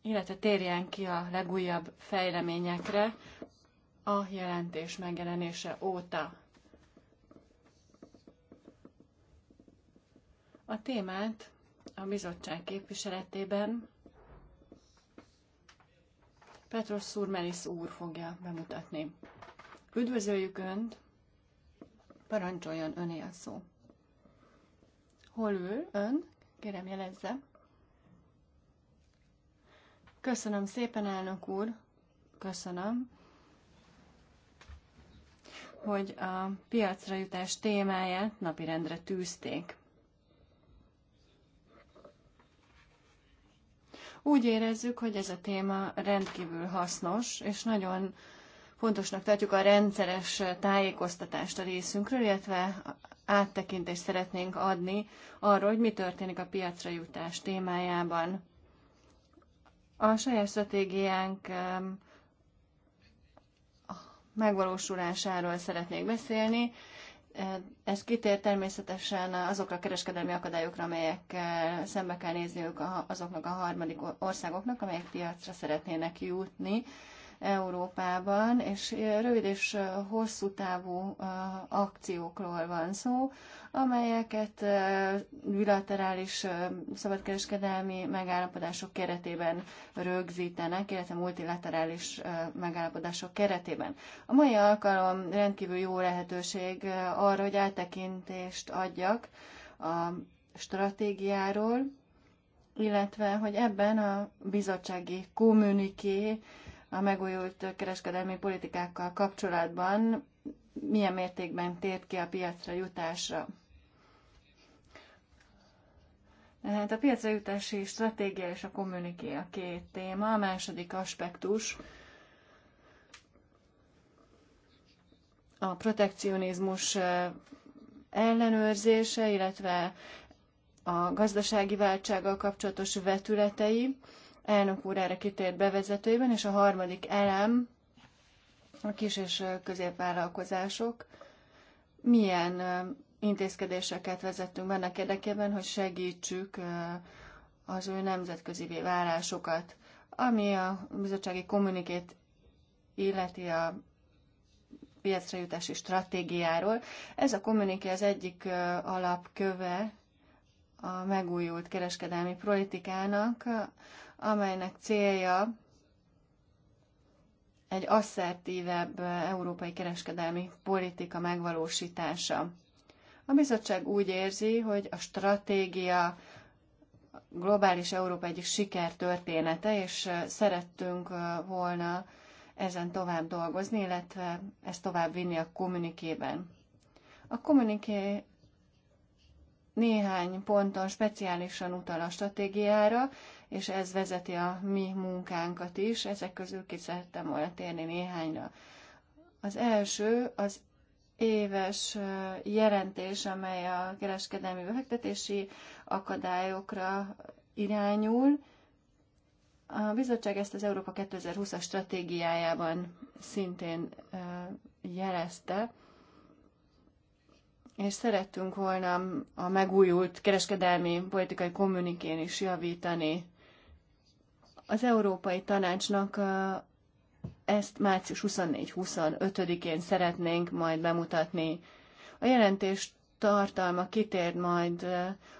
illetve térjen ki a legújabb fejleményekre a jelentés megjelenése óta. A témát a bizottság képviseletében Petros Szurmelis úr fogja bemutatni. Üdvözöljük Önt, parancsoljon Öné a szó. Hol ül Ön? Kérem jelezze. Köszönöm szépen, elnök úr. Köszönöm hogy a piacra jutás témáját napirendre tűzték. Úgy érezzük, hogy ez a téma rendkívül hasznos, és nagyon fontosnak tartjuk a rendszeres tájékoztatást a részünkről, illetve áttekintést szeretnénk adni arról, hogy mi történik a piacra jutás témájában. A saját stratégiánk megvalósulásáról szeretnék beszélni. Ez kitér természetesen azokra a kereskedelmi akadályokra, amelyek szembe kell nézniük azoknak a harmadik országoknak, amelyek piacra szeretnének jutni. Európában, és rövid és hosszú távú akciókról van szó, amelyeket bilaterális szabadkereskedelmi megállapodások keretében rögzítenek, illetve multilaterális megállapodások keretében. A mai alkalom rendkívül jó lehetőség arra, hogy áttekintést adjak a stratégiáról, illetve hogy ebben a bizottsági kommuniké a megújult kereskedelmi politikákkal kapcsolatban milyen mértékben tért ki a piacra jutásra. Hát a piacra jutási stratégia és a kommuniké a két téma. A második aspektus a protekcionizmus ellenőrzése, illetve a gazdasági váltsággal kapcsolatos vetületei elnök úr erre kitért bevezetőben, és a harmadik elem a kis és középvállalkozások. Milyen intézkedéseket vezettünk benne érdekében, hogy segítsük az ő nemzetközi vállásokat, ami a bizottsági kommunikét illeti a piacra jutási stratégiáról. Ez a kommuniké az egyik alapköve a megújult kereskedelmi politikának, amelynek célja egy asszertívebb európai kereskedelmi politika megvalósítása. A bizottság úgy érzi, hogy a stratégia globális Európa egyik sikertörténete, és szerettünk volna ezen tovább dolgozni, illetve ezt tovább vinni a kommunikében. A kommuniké néhány ponton speciálisan utal a stratégiára, és ez vezeti a mi munkánkat is. Ezek közül ki szerettem volna térni néhányra. Az első az éves jelentés, amely a kereskedelmi befektetési akadályokra irányul. A bizottság ezt az Európa 2020-as stratégiájában szintén jelezte és szerettünk volna a megújult kereskedelmi politikai kommunikén is javítani. Az Európai Tanácsnak ezt március 24-25-én szeretnénk majd bemutatni. A jelentés tartalma kitér majd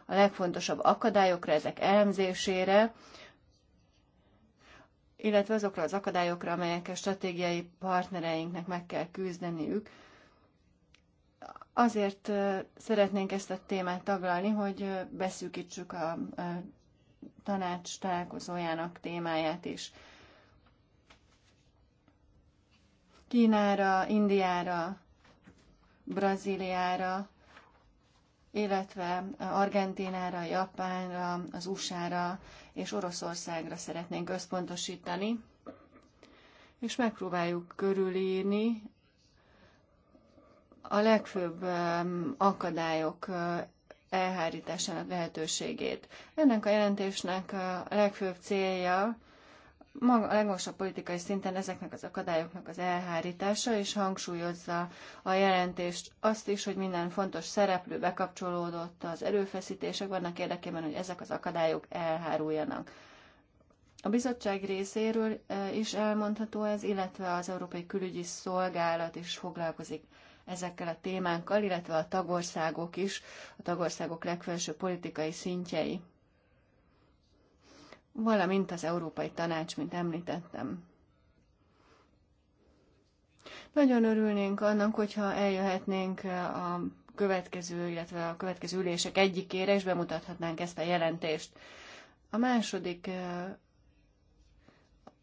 a legfontosabb akadályokra, ezek elemzésére, illetve azokra az akadályokra, amelyekkel stratégiai partnereinknek meg kell küzdeniük, Azért szeretnénk ezt a témát taglalni, hogy beszűkítsük a tanács találkozójának témáját is. Kínára, Indiára, Brazíliára, illetve Argentinára, Japánra, az USA-ra és Oroszországra szeretnénk összpontosítani, és megpróbáljuk körülírni a legfőbb akadályok elhárításának lehetőségét. Ennek a jelentésnek a legfőbb célja maga, a legmagasabb politikai szinten ezeknek az akadályoknak az elhárítása, és hangsúlyozza a jelentést azt is, hogy minden fontos szereplő bekapcsolódott az erőfeszítések vannak érdekében, hogy ezek az akadályok elháruljanak. A bizottság részéről is elmondható ez, illetve az Európai Külügyi Szolgálat is foglalkozik ezekkel a témánkkal, illetve a tagországok is, a tagországok legfelső politikai szintjei, valamint az Európai Tanács, mint említettem. Nagyon örülnénk annak, hogyha eljöhetnénk a következő, illetve a következő ülések egyikére, és bemutathatnánk ezt a jelentést. A második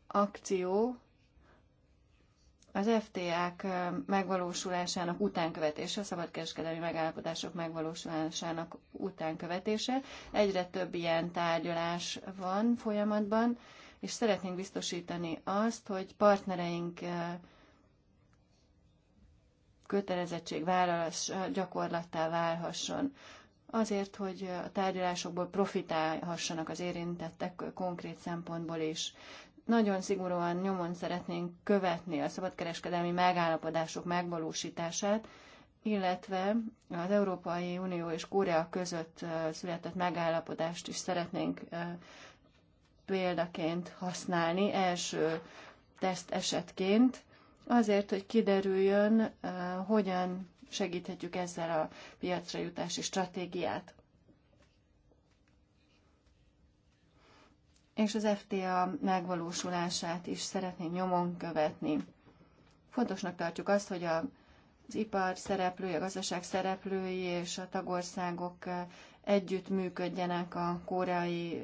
akció az FTA-k megvalósulásának utánkövetése, a szabadkereskedelmi megállapodások megvalósulásának utánkövetése. Egyre több ilyen tárgyalás van folyamatban, és szeretnénk biztosítani azt, hogy partnereink vállalás gyakorlattá válhasson. Azért, hogy a tárgyalásokból profitálhassanak az érintettek konkrét szempontból is nagyon szigorúan nyomon szeretnénk követni a szabadkereskedelmi megállapodások megvalósítását, illetve az Európai Unió és Korea között született megállapodást is szeretnénk példaként használni, első teszt esetként, azért, hogy kiderüljön, hogyan segíthetjük ezzel a piacra jutási stratégiát. és az FTA megvalósulását is szeretném nyomon követni. Fontosnak tartjuk azt, hogy a, az ipar szereplői, a gazdaság szereplői és a tagországok együtt működjenek a koreai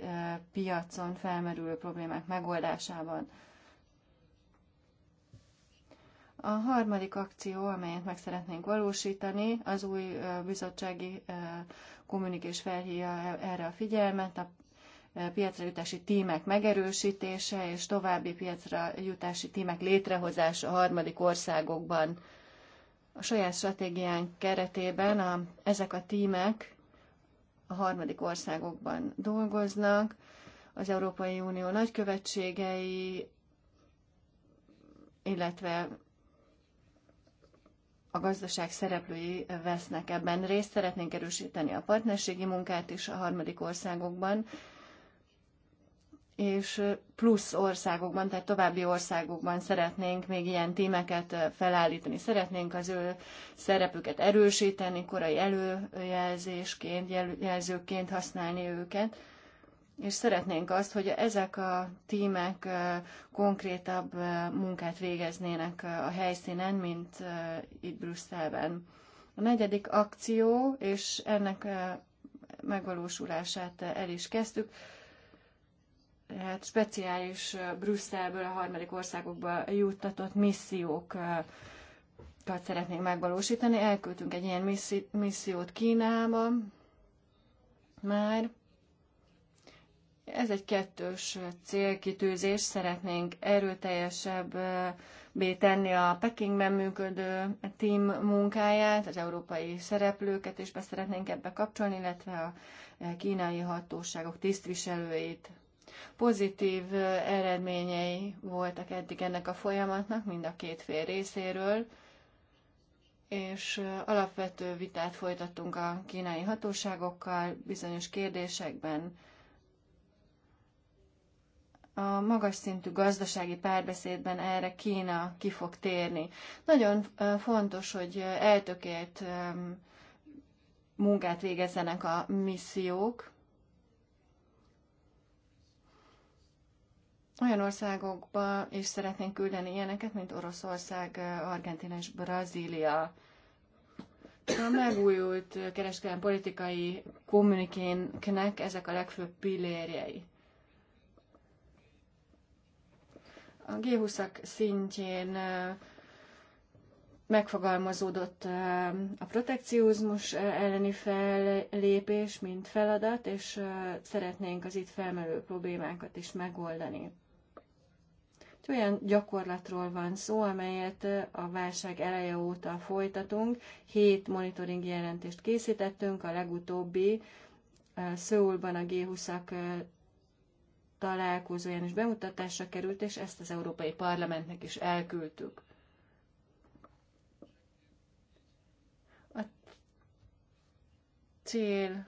piacon felmerülő problémák megoldásában. A harmadik akció, amelyet meg szeretnénk valósítani, az új bizottsági kommunikés felhívja erre a figyelmet, a piacra jutási tímek megerősítése és további piacra jutási tímek létrehozása a harmadik országokban. A saját stratégiánk keretében a, ezek a tímek a harmadik országokban dolgoznak, az Európai Unió nagykövetségei, illetve a gazdaság szereplői vesznek ebben részt. Szeretnénk erősíteni a partnerségi munkát is a harmadik országokban, és plusz országokban, tehát további országokban szeretnénk még ilyen tímeket felállítani. Szeretnénk az ő szerepüket erősíteni, korai előjelzésként, jelzőként használni őket, és szeretnénk azt, hogy ezek a tímek konkrétabb munkát végeznének a helyszínen, mint itt Brüsszelben. A negyedik akció, és ennek megvalósulását el is kezdtük, hát speciális Brüsszelből a harmadik országokba juttatott missziókat szeretnénk megvalósítani. Elküldtünk egy ilyen misszi missziót Kínába már. Ez egy kettős célkitűzés, szeretnénk erőteljesebb tenni a Pekingben működő team munkáját, az európai szereplőket is be szeretnénk ebbe kapcsolni, illetve a kínai hatóságok tisztviselőit Pozitív eredményei voltak eddig ennek a folyamatnak, mind a két fél részéről, és alapvető vitát folytattunk a kínai hatóságokkal bizonyos kérdésekben. A magas szintű gazdasági párbeszédben erre Kína ki fog térni. Nagyon fontos, hogy eltökélt munkát végezzenek a missziók, olyan országokba is szeretnénk küldeni ilyeneket, mint Oroszország, Argentina és Brazília. A megújult kereskedelmi politikai kommunikénknek ezek a legfőbb pillérjei. A G20-ak szintjén megfogalmazódott a protekciózmus elleni fellépés, mint feladat, és szeretnénk az itt felmerülő problémákat is megoldani. Egy olyan gyakorlatról van szó, amelyet a válság eleje óta folytatunk. Hét monitoring jelentést készítettünk, a legutóbbi Szőulban a G20-ak találkozóján is bemutatásra került, és ezt az Európai Parlamentnek is elküldtük. A cél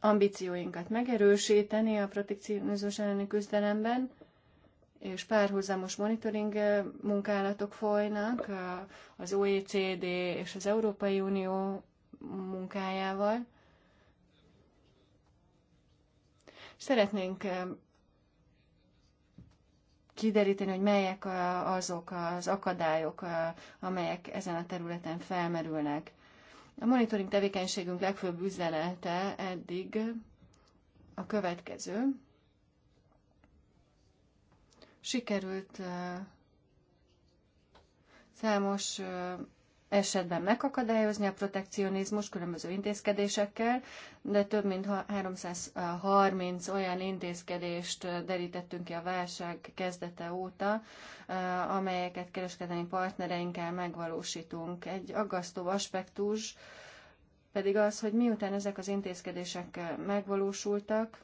ambícióinkat megerősíteni a protekcionizmus elleni küzdelemben, és párhuzamos monitoring eh, munkálatok folynak az OECD és az Európai Unió munkájával. Szeretnénk eh, kideríteni, hogy melyek azok az akadályok, eh, amelyek ezen a területen felmerülnek. A monitoring tevékenységünk legfőbb üzenete eddig a következő sikerült számos esetben megakadályozni a protekcionizmus különböző intézkedésekkel, de több mint 330 olyan intézkedést derítettünk ki a válság kezdete óta, amelyeket kereskedelmi partnereinkkel megvalósítunk. Egy aggasztó aspektus pedig az, hogy miután ezek az intézkedések megvalósultak,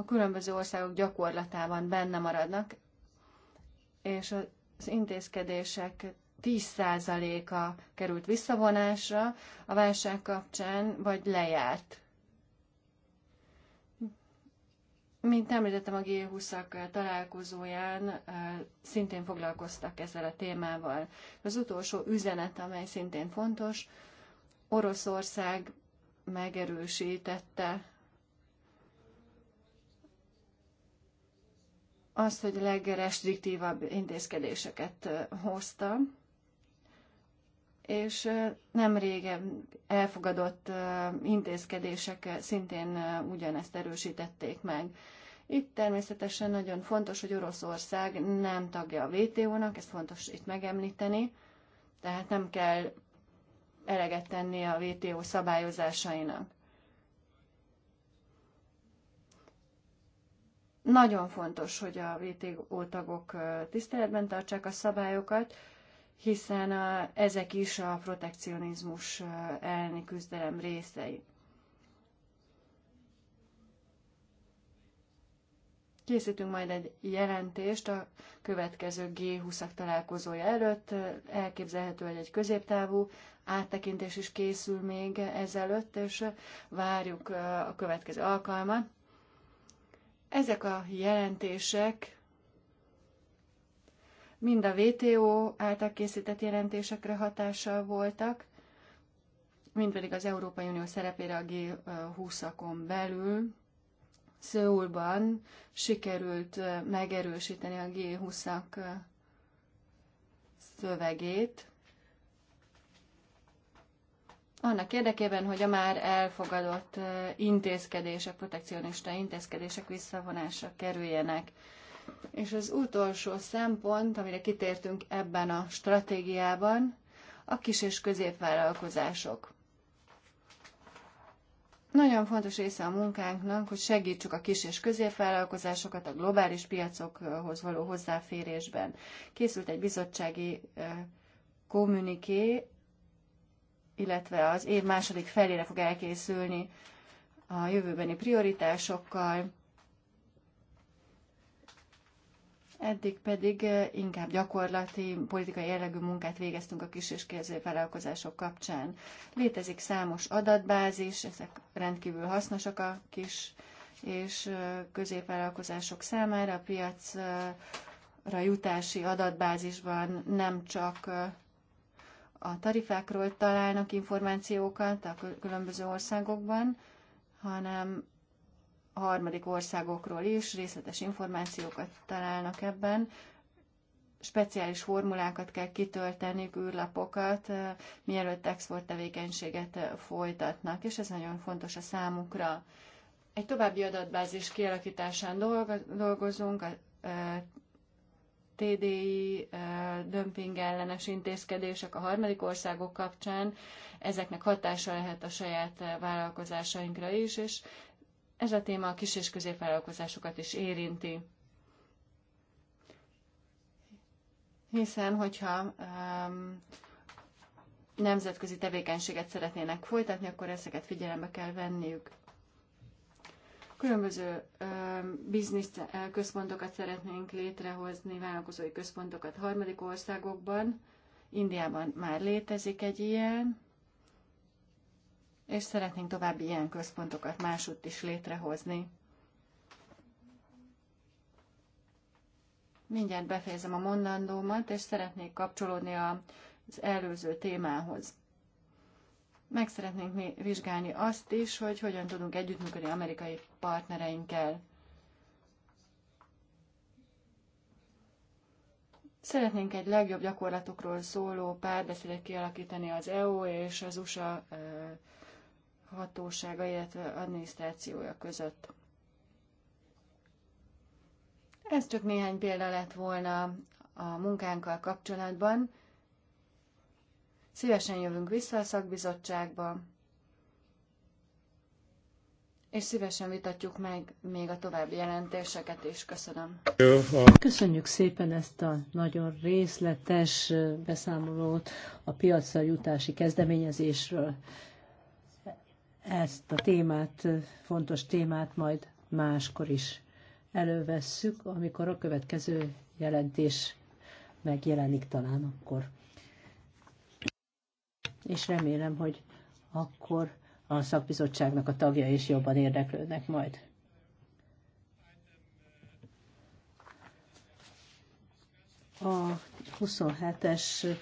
a különböző országok gyakorlatában benne maradnak, és az intézkedések 10%-a került visszavonásra a válság kapcsán, vagy lejárt. Mint említettem, a G20-ak találkozóján szintén foglalkoztak ezzel a témával. Az utolsó üzenet, amely szintén fontos, Oroszország megerősítette az, hogy a legrestriktívabb intézkedéseket hozta, és nem régen elfogadott intézkedések szintén ugyanezt erősítették meg. Itt természetesen nagyon fontos, hogy Oroszország nem tagja a WTO-nak, ez fontos itt megemlíteni, tehát nem kell eleget tenni a WTO szabályozásainak. Nagyon fontos, hogy a VTO tagok tiszteletben tartsák a szabályokat, hiszen a, ezek is a protekcionizmus elleni küzdelem részei. Készítünk majd egy jelentést a következő G20-ak találkozója előtt. Elképzelhető, hogy egy középtávú áttekintés is készül még ezelőtt, és várjuk a következő alkalmat. Ezek a jelentések mind a WTO által készített jelentésekre hatással voltak, mind pedig az Európai Unió szerepére a G20-akon belül. Szőulban sikerült eh, megerősíteni a G20-ak eh, szövegét, annak érdekében, hogy a már elfogadott intézkedések, protekcionista intézkedések visszavonásra kerüljenek. És az utolsó szempont, amire kitértünk ebben a stratégiában, a kis és középvállalkozások. Nagyon fontos része a munkánknak, hogy segítsük a kis és középvállalkozásokat a globális piacokhoz való hozzáférésben. Készült egy bizottsági kommuniké illetve az év második felére fog elkészülni a jövőbeni prioritásokkal. Eddig pedig eh, inkább gyakorlati, politikai jellegű munkát végeztünk a kis és középvállalkozások kapcsán. Létezik számos adatbázis, ezek rendkívül hasznosak a kis és eh, középvállalkozások számára. A piacra jutási adatbázisban nem csak eh, a tarifákról találnak információkat a különböző országokban, hanem a harmadik országokról is részletes információkat találnak ebben. Speciális formulákat kell kitölteniük, űrlapokat, mielőtt export tevékenységet folytatnak, és ez nagyon fontos a számukra. Egy további adatbázis kialakításán dolgozunk, a TDI dömping ellenes intézkedések a harmadik országok kapcsán, ezeknek hatása lehet a saját vállalkozásainkra is, és ez a téma a kis- és középvállalkozásokat is érinti. Hiszen, hogyha um, nemzetközi tevékenységet szeretnének folytatni, akkor ezeket figyelembe kell venniük. Különböző biznisz központokat szeretnénk létrehozni, vállalkozói központokat harmadik országokban. Indiában már létezik egy ilyen, és szeretnénk további ilyen központokat másutt is létrehozni. Mindjárt befejezem a mondandómat, és szeretnék kapcsolódni az előző témához. Meg szeretnénk mi vizsgálni azt is, hogy hogyan tudunk együttműködni amerikai partnereinkkel. Szeretnénk egy legjobb gyakorlatokról szóló párbeszédet kialakítani az EU és az USA hatósága, illetve adminisztrációja között. Ez csak néhány példa lett volna a munkánkkal kapcsolatban. Szívesen jövünk vissza a szakbizottságba, és szívesen vitatjuk meg még a további jelentéseket is. Köszönöm. Köszönjük szépen ezt a nagyon részletes beszámolót a piacra jutási kezdeményezésről. Ezt a témát, fontos témát majd máskor is elővesszük, amikor a következő jelentés megjelenik talán akkor és remélem, hogy akkor a szakbizottságnak a tagja is jobban érdeklődnek majd. A 27-es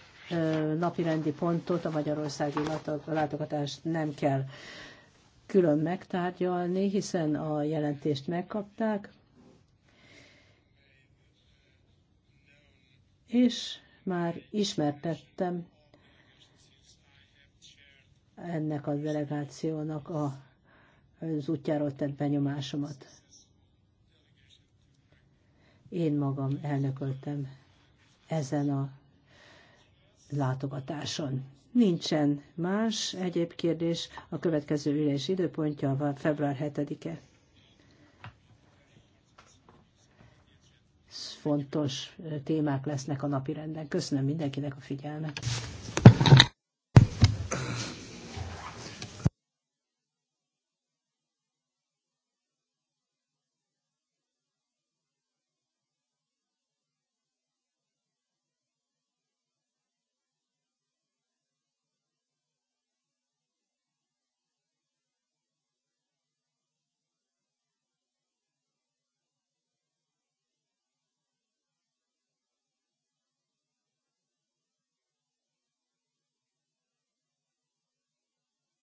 napirendi pontot, a magyarországi látogatást nem kell külön megtárgyalni, hiszen a jelentést megkapták, és már ismertettem ennek a delegációnak a, az útjáról tett benyomásomat. Én magam elnököltem ezen a látogatáson. Nincsen más egyéb kérdés. A következő ülés időpontja február 7-e. fontos témák lesznek a napirenden. Köszönöm mindenkinek a figyelmet.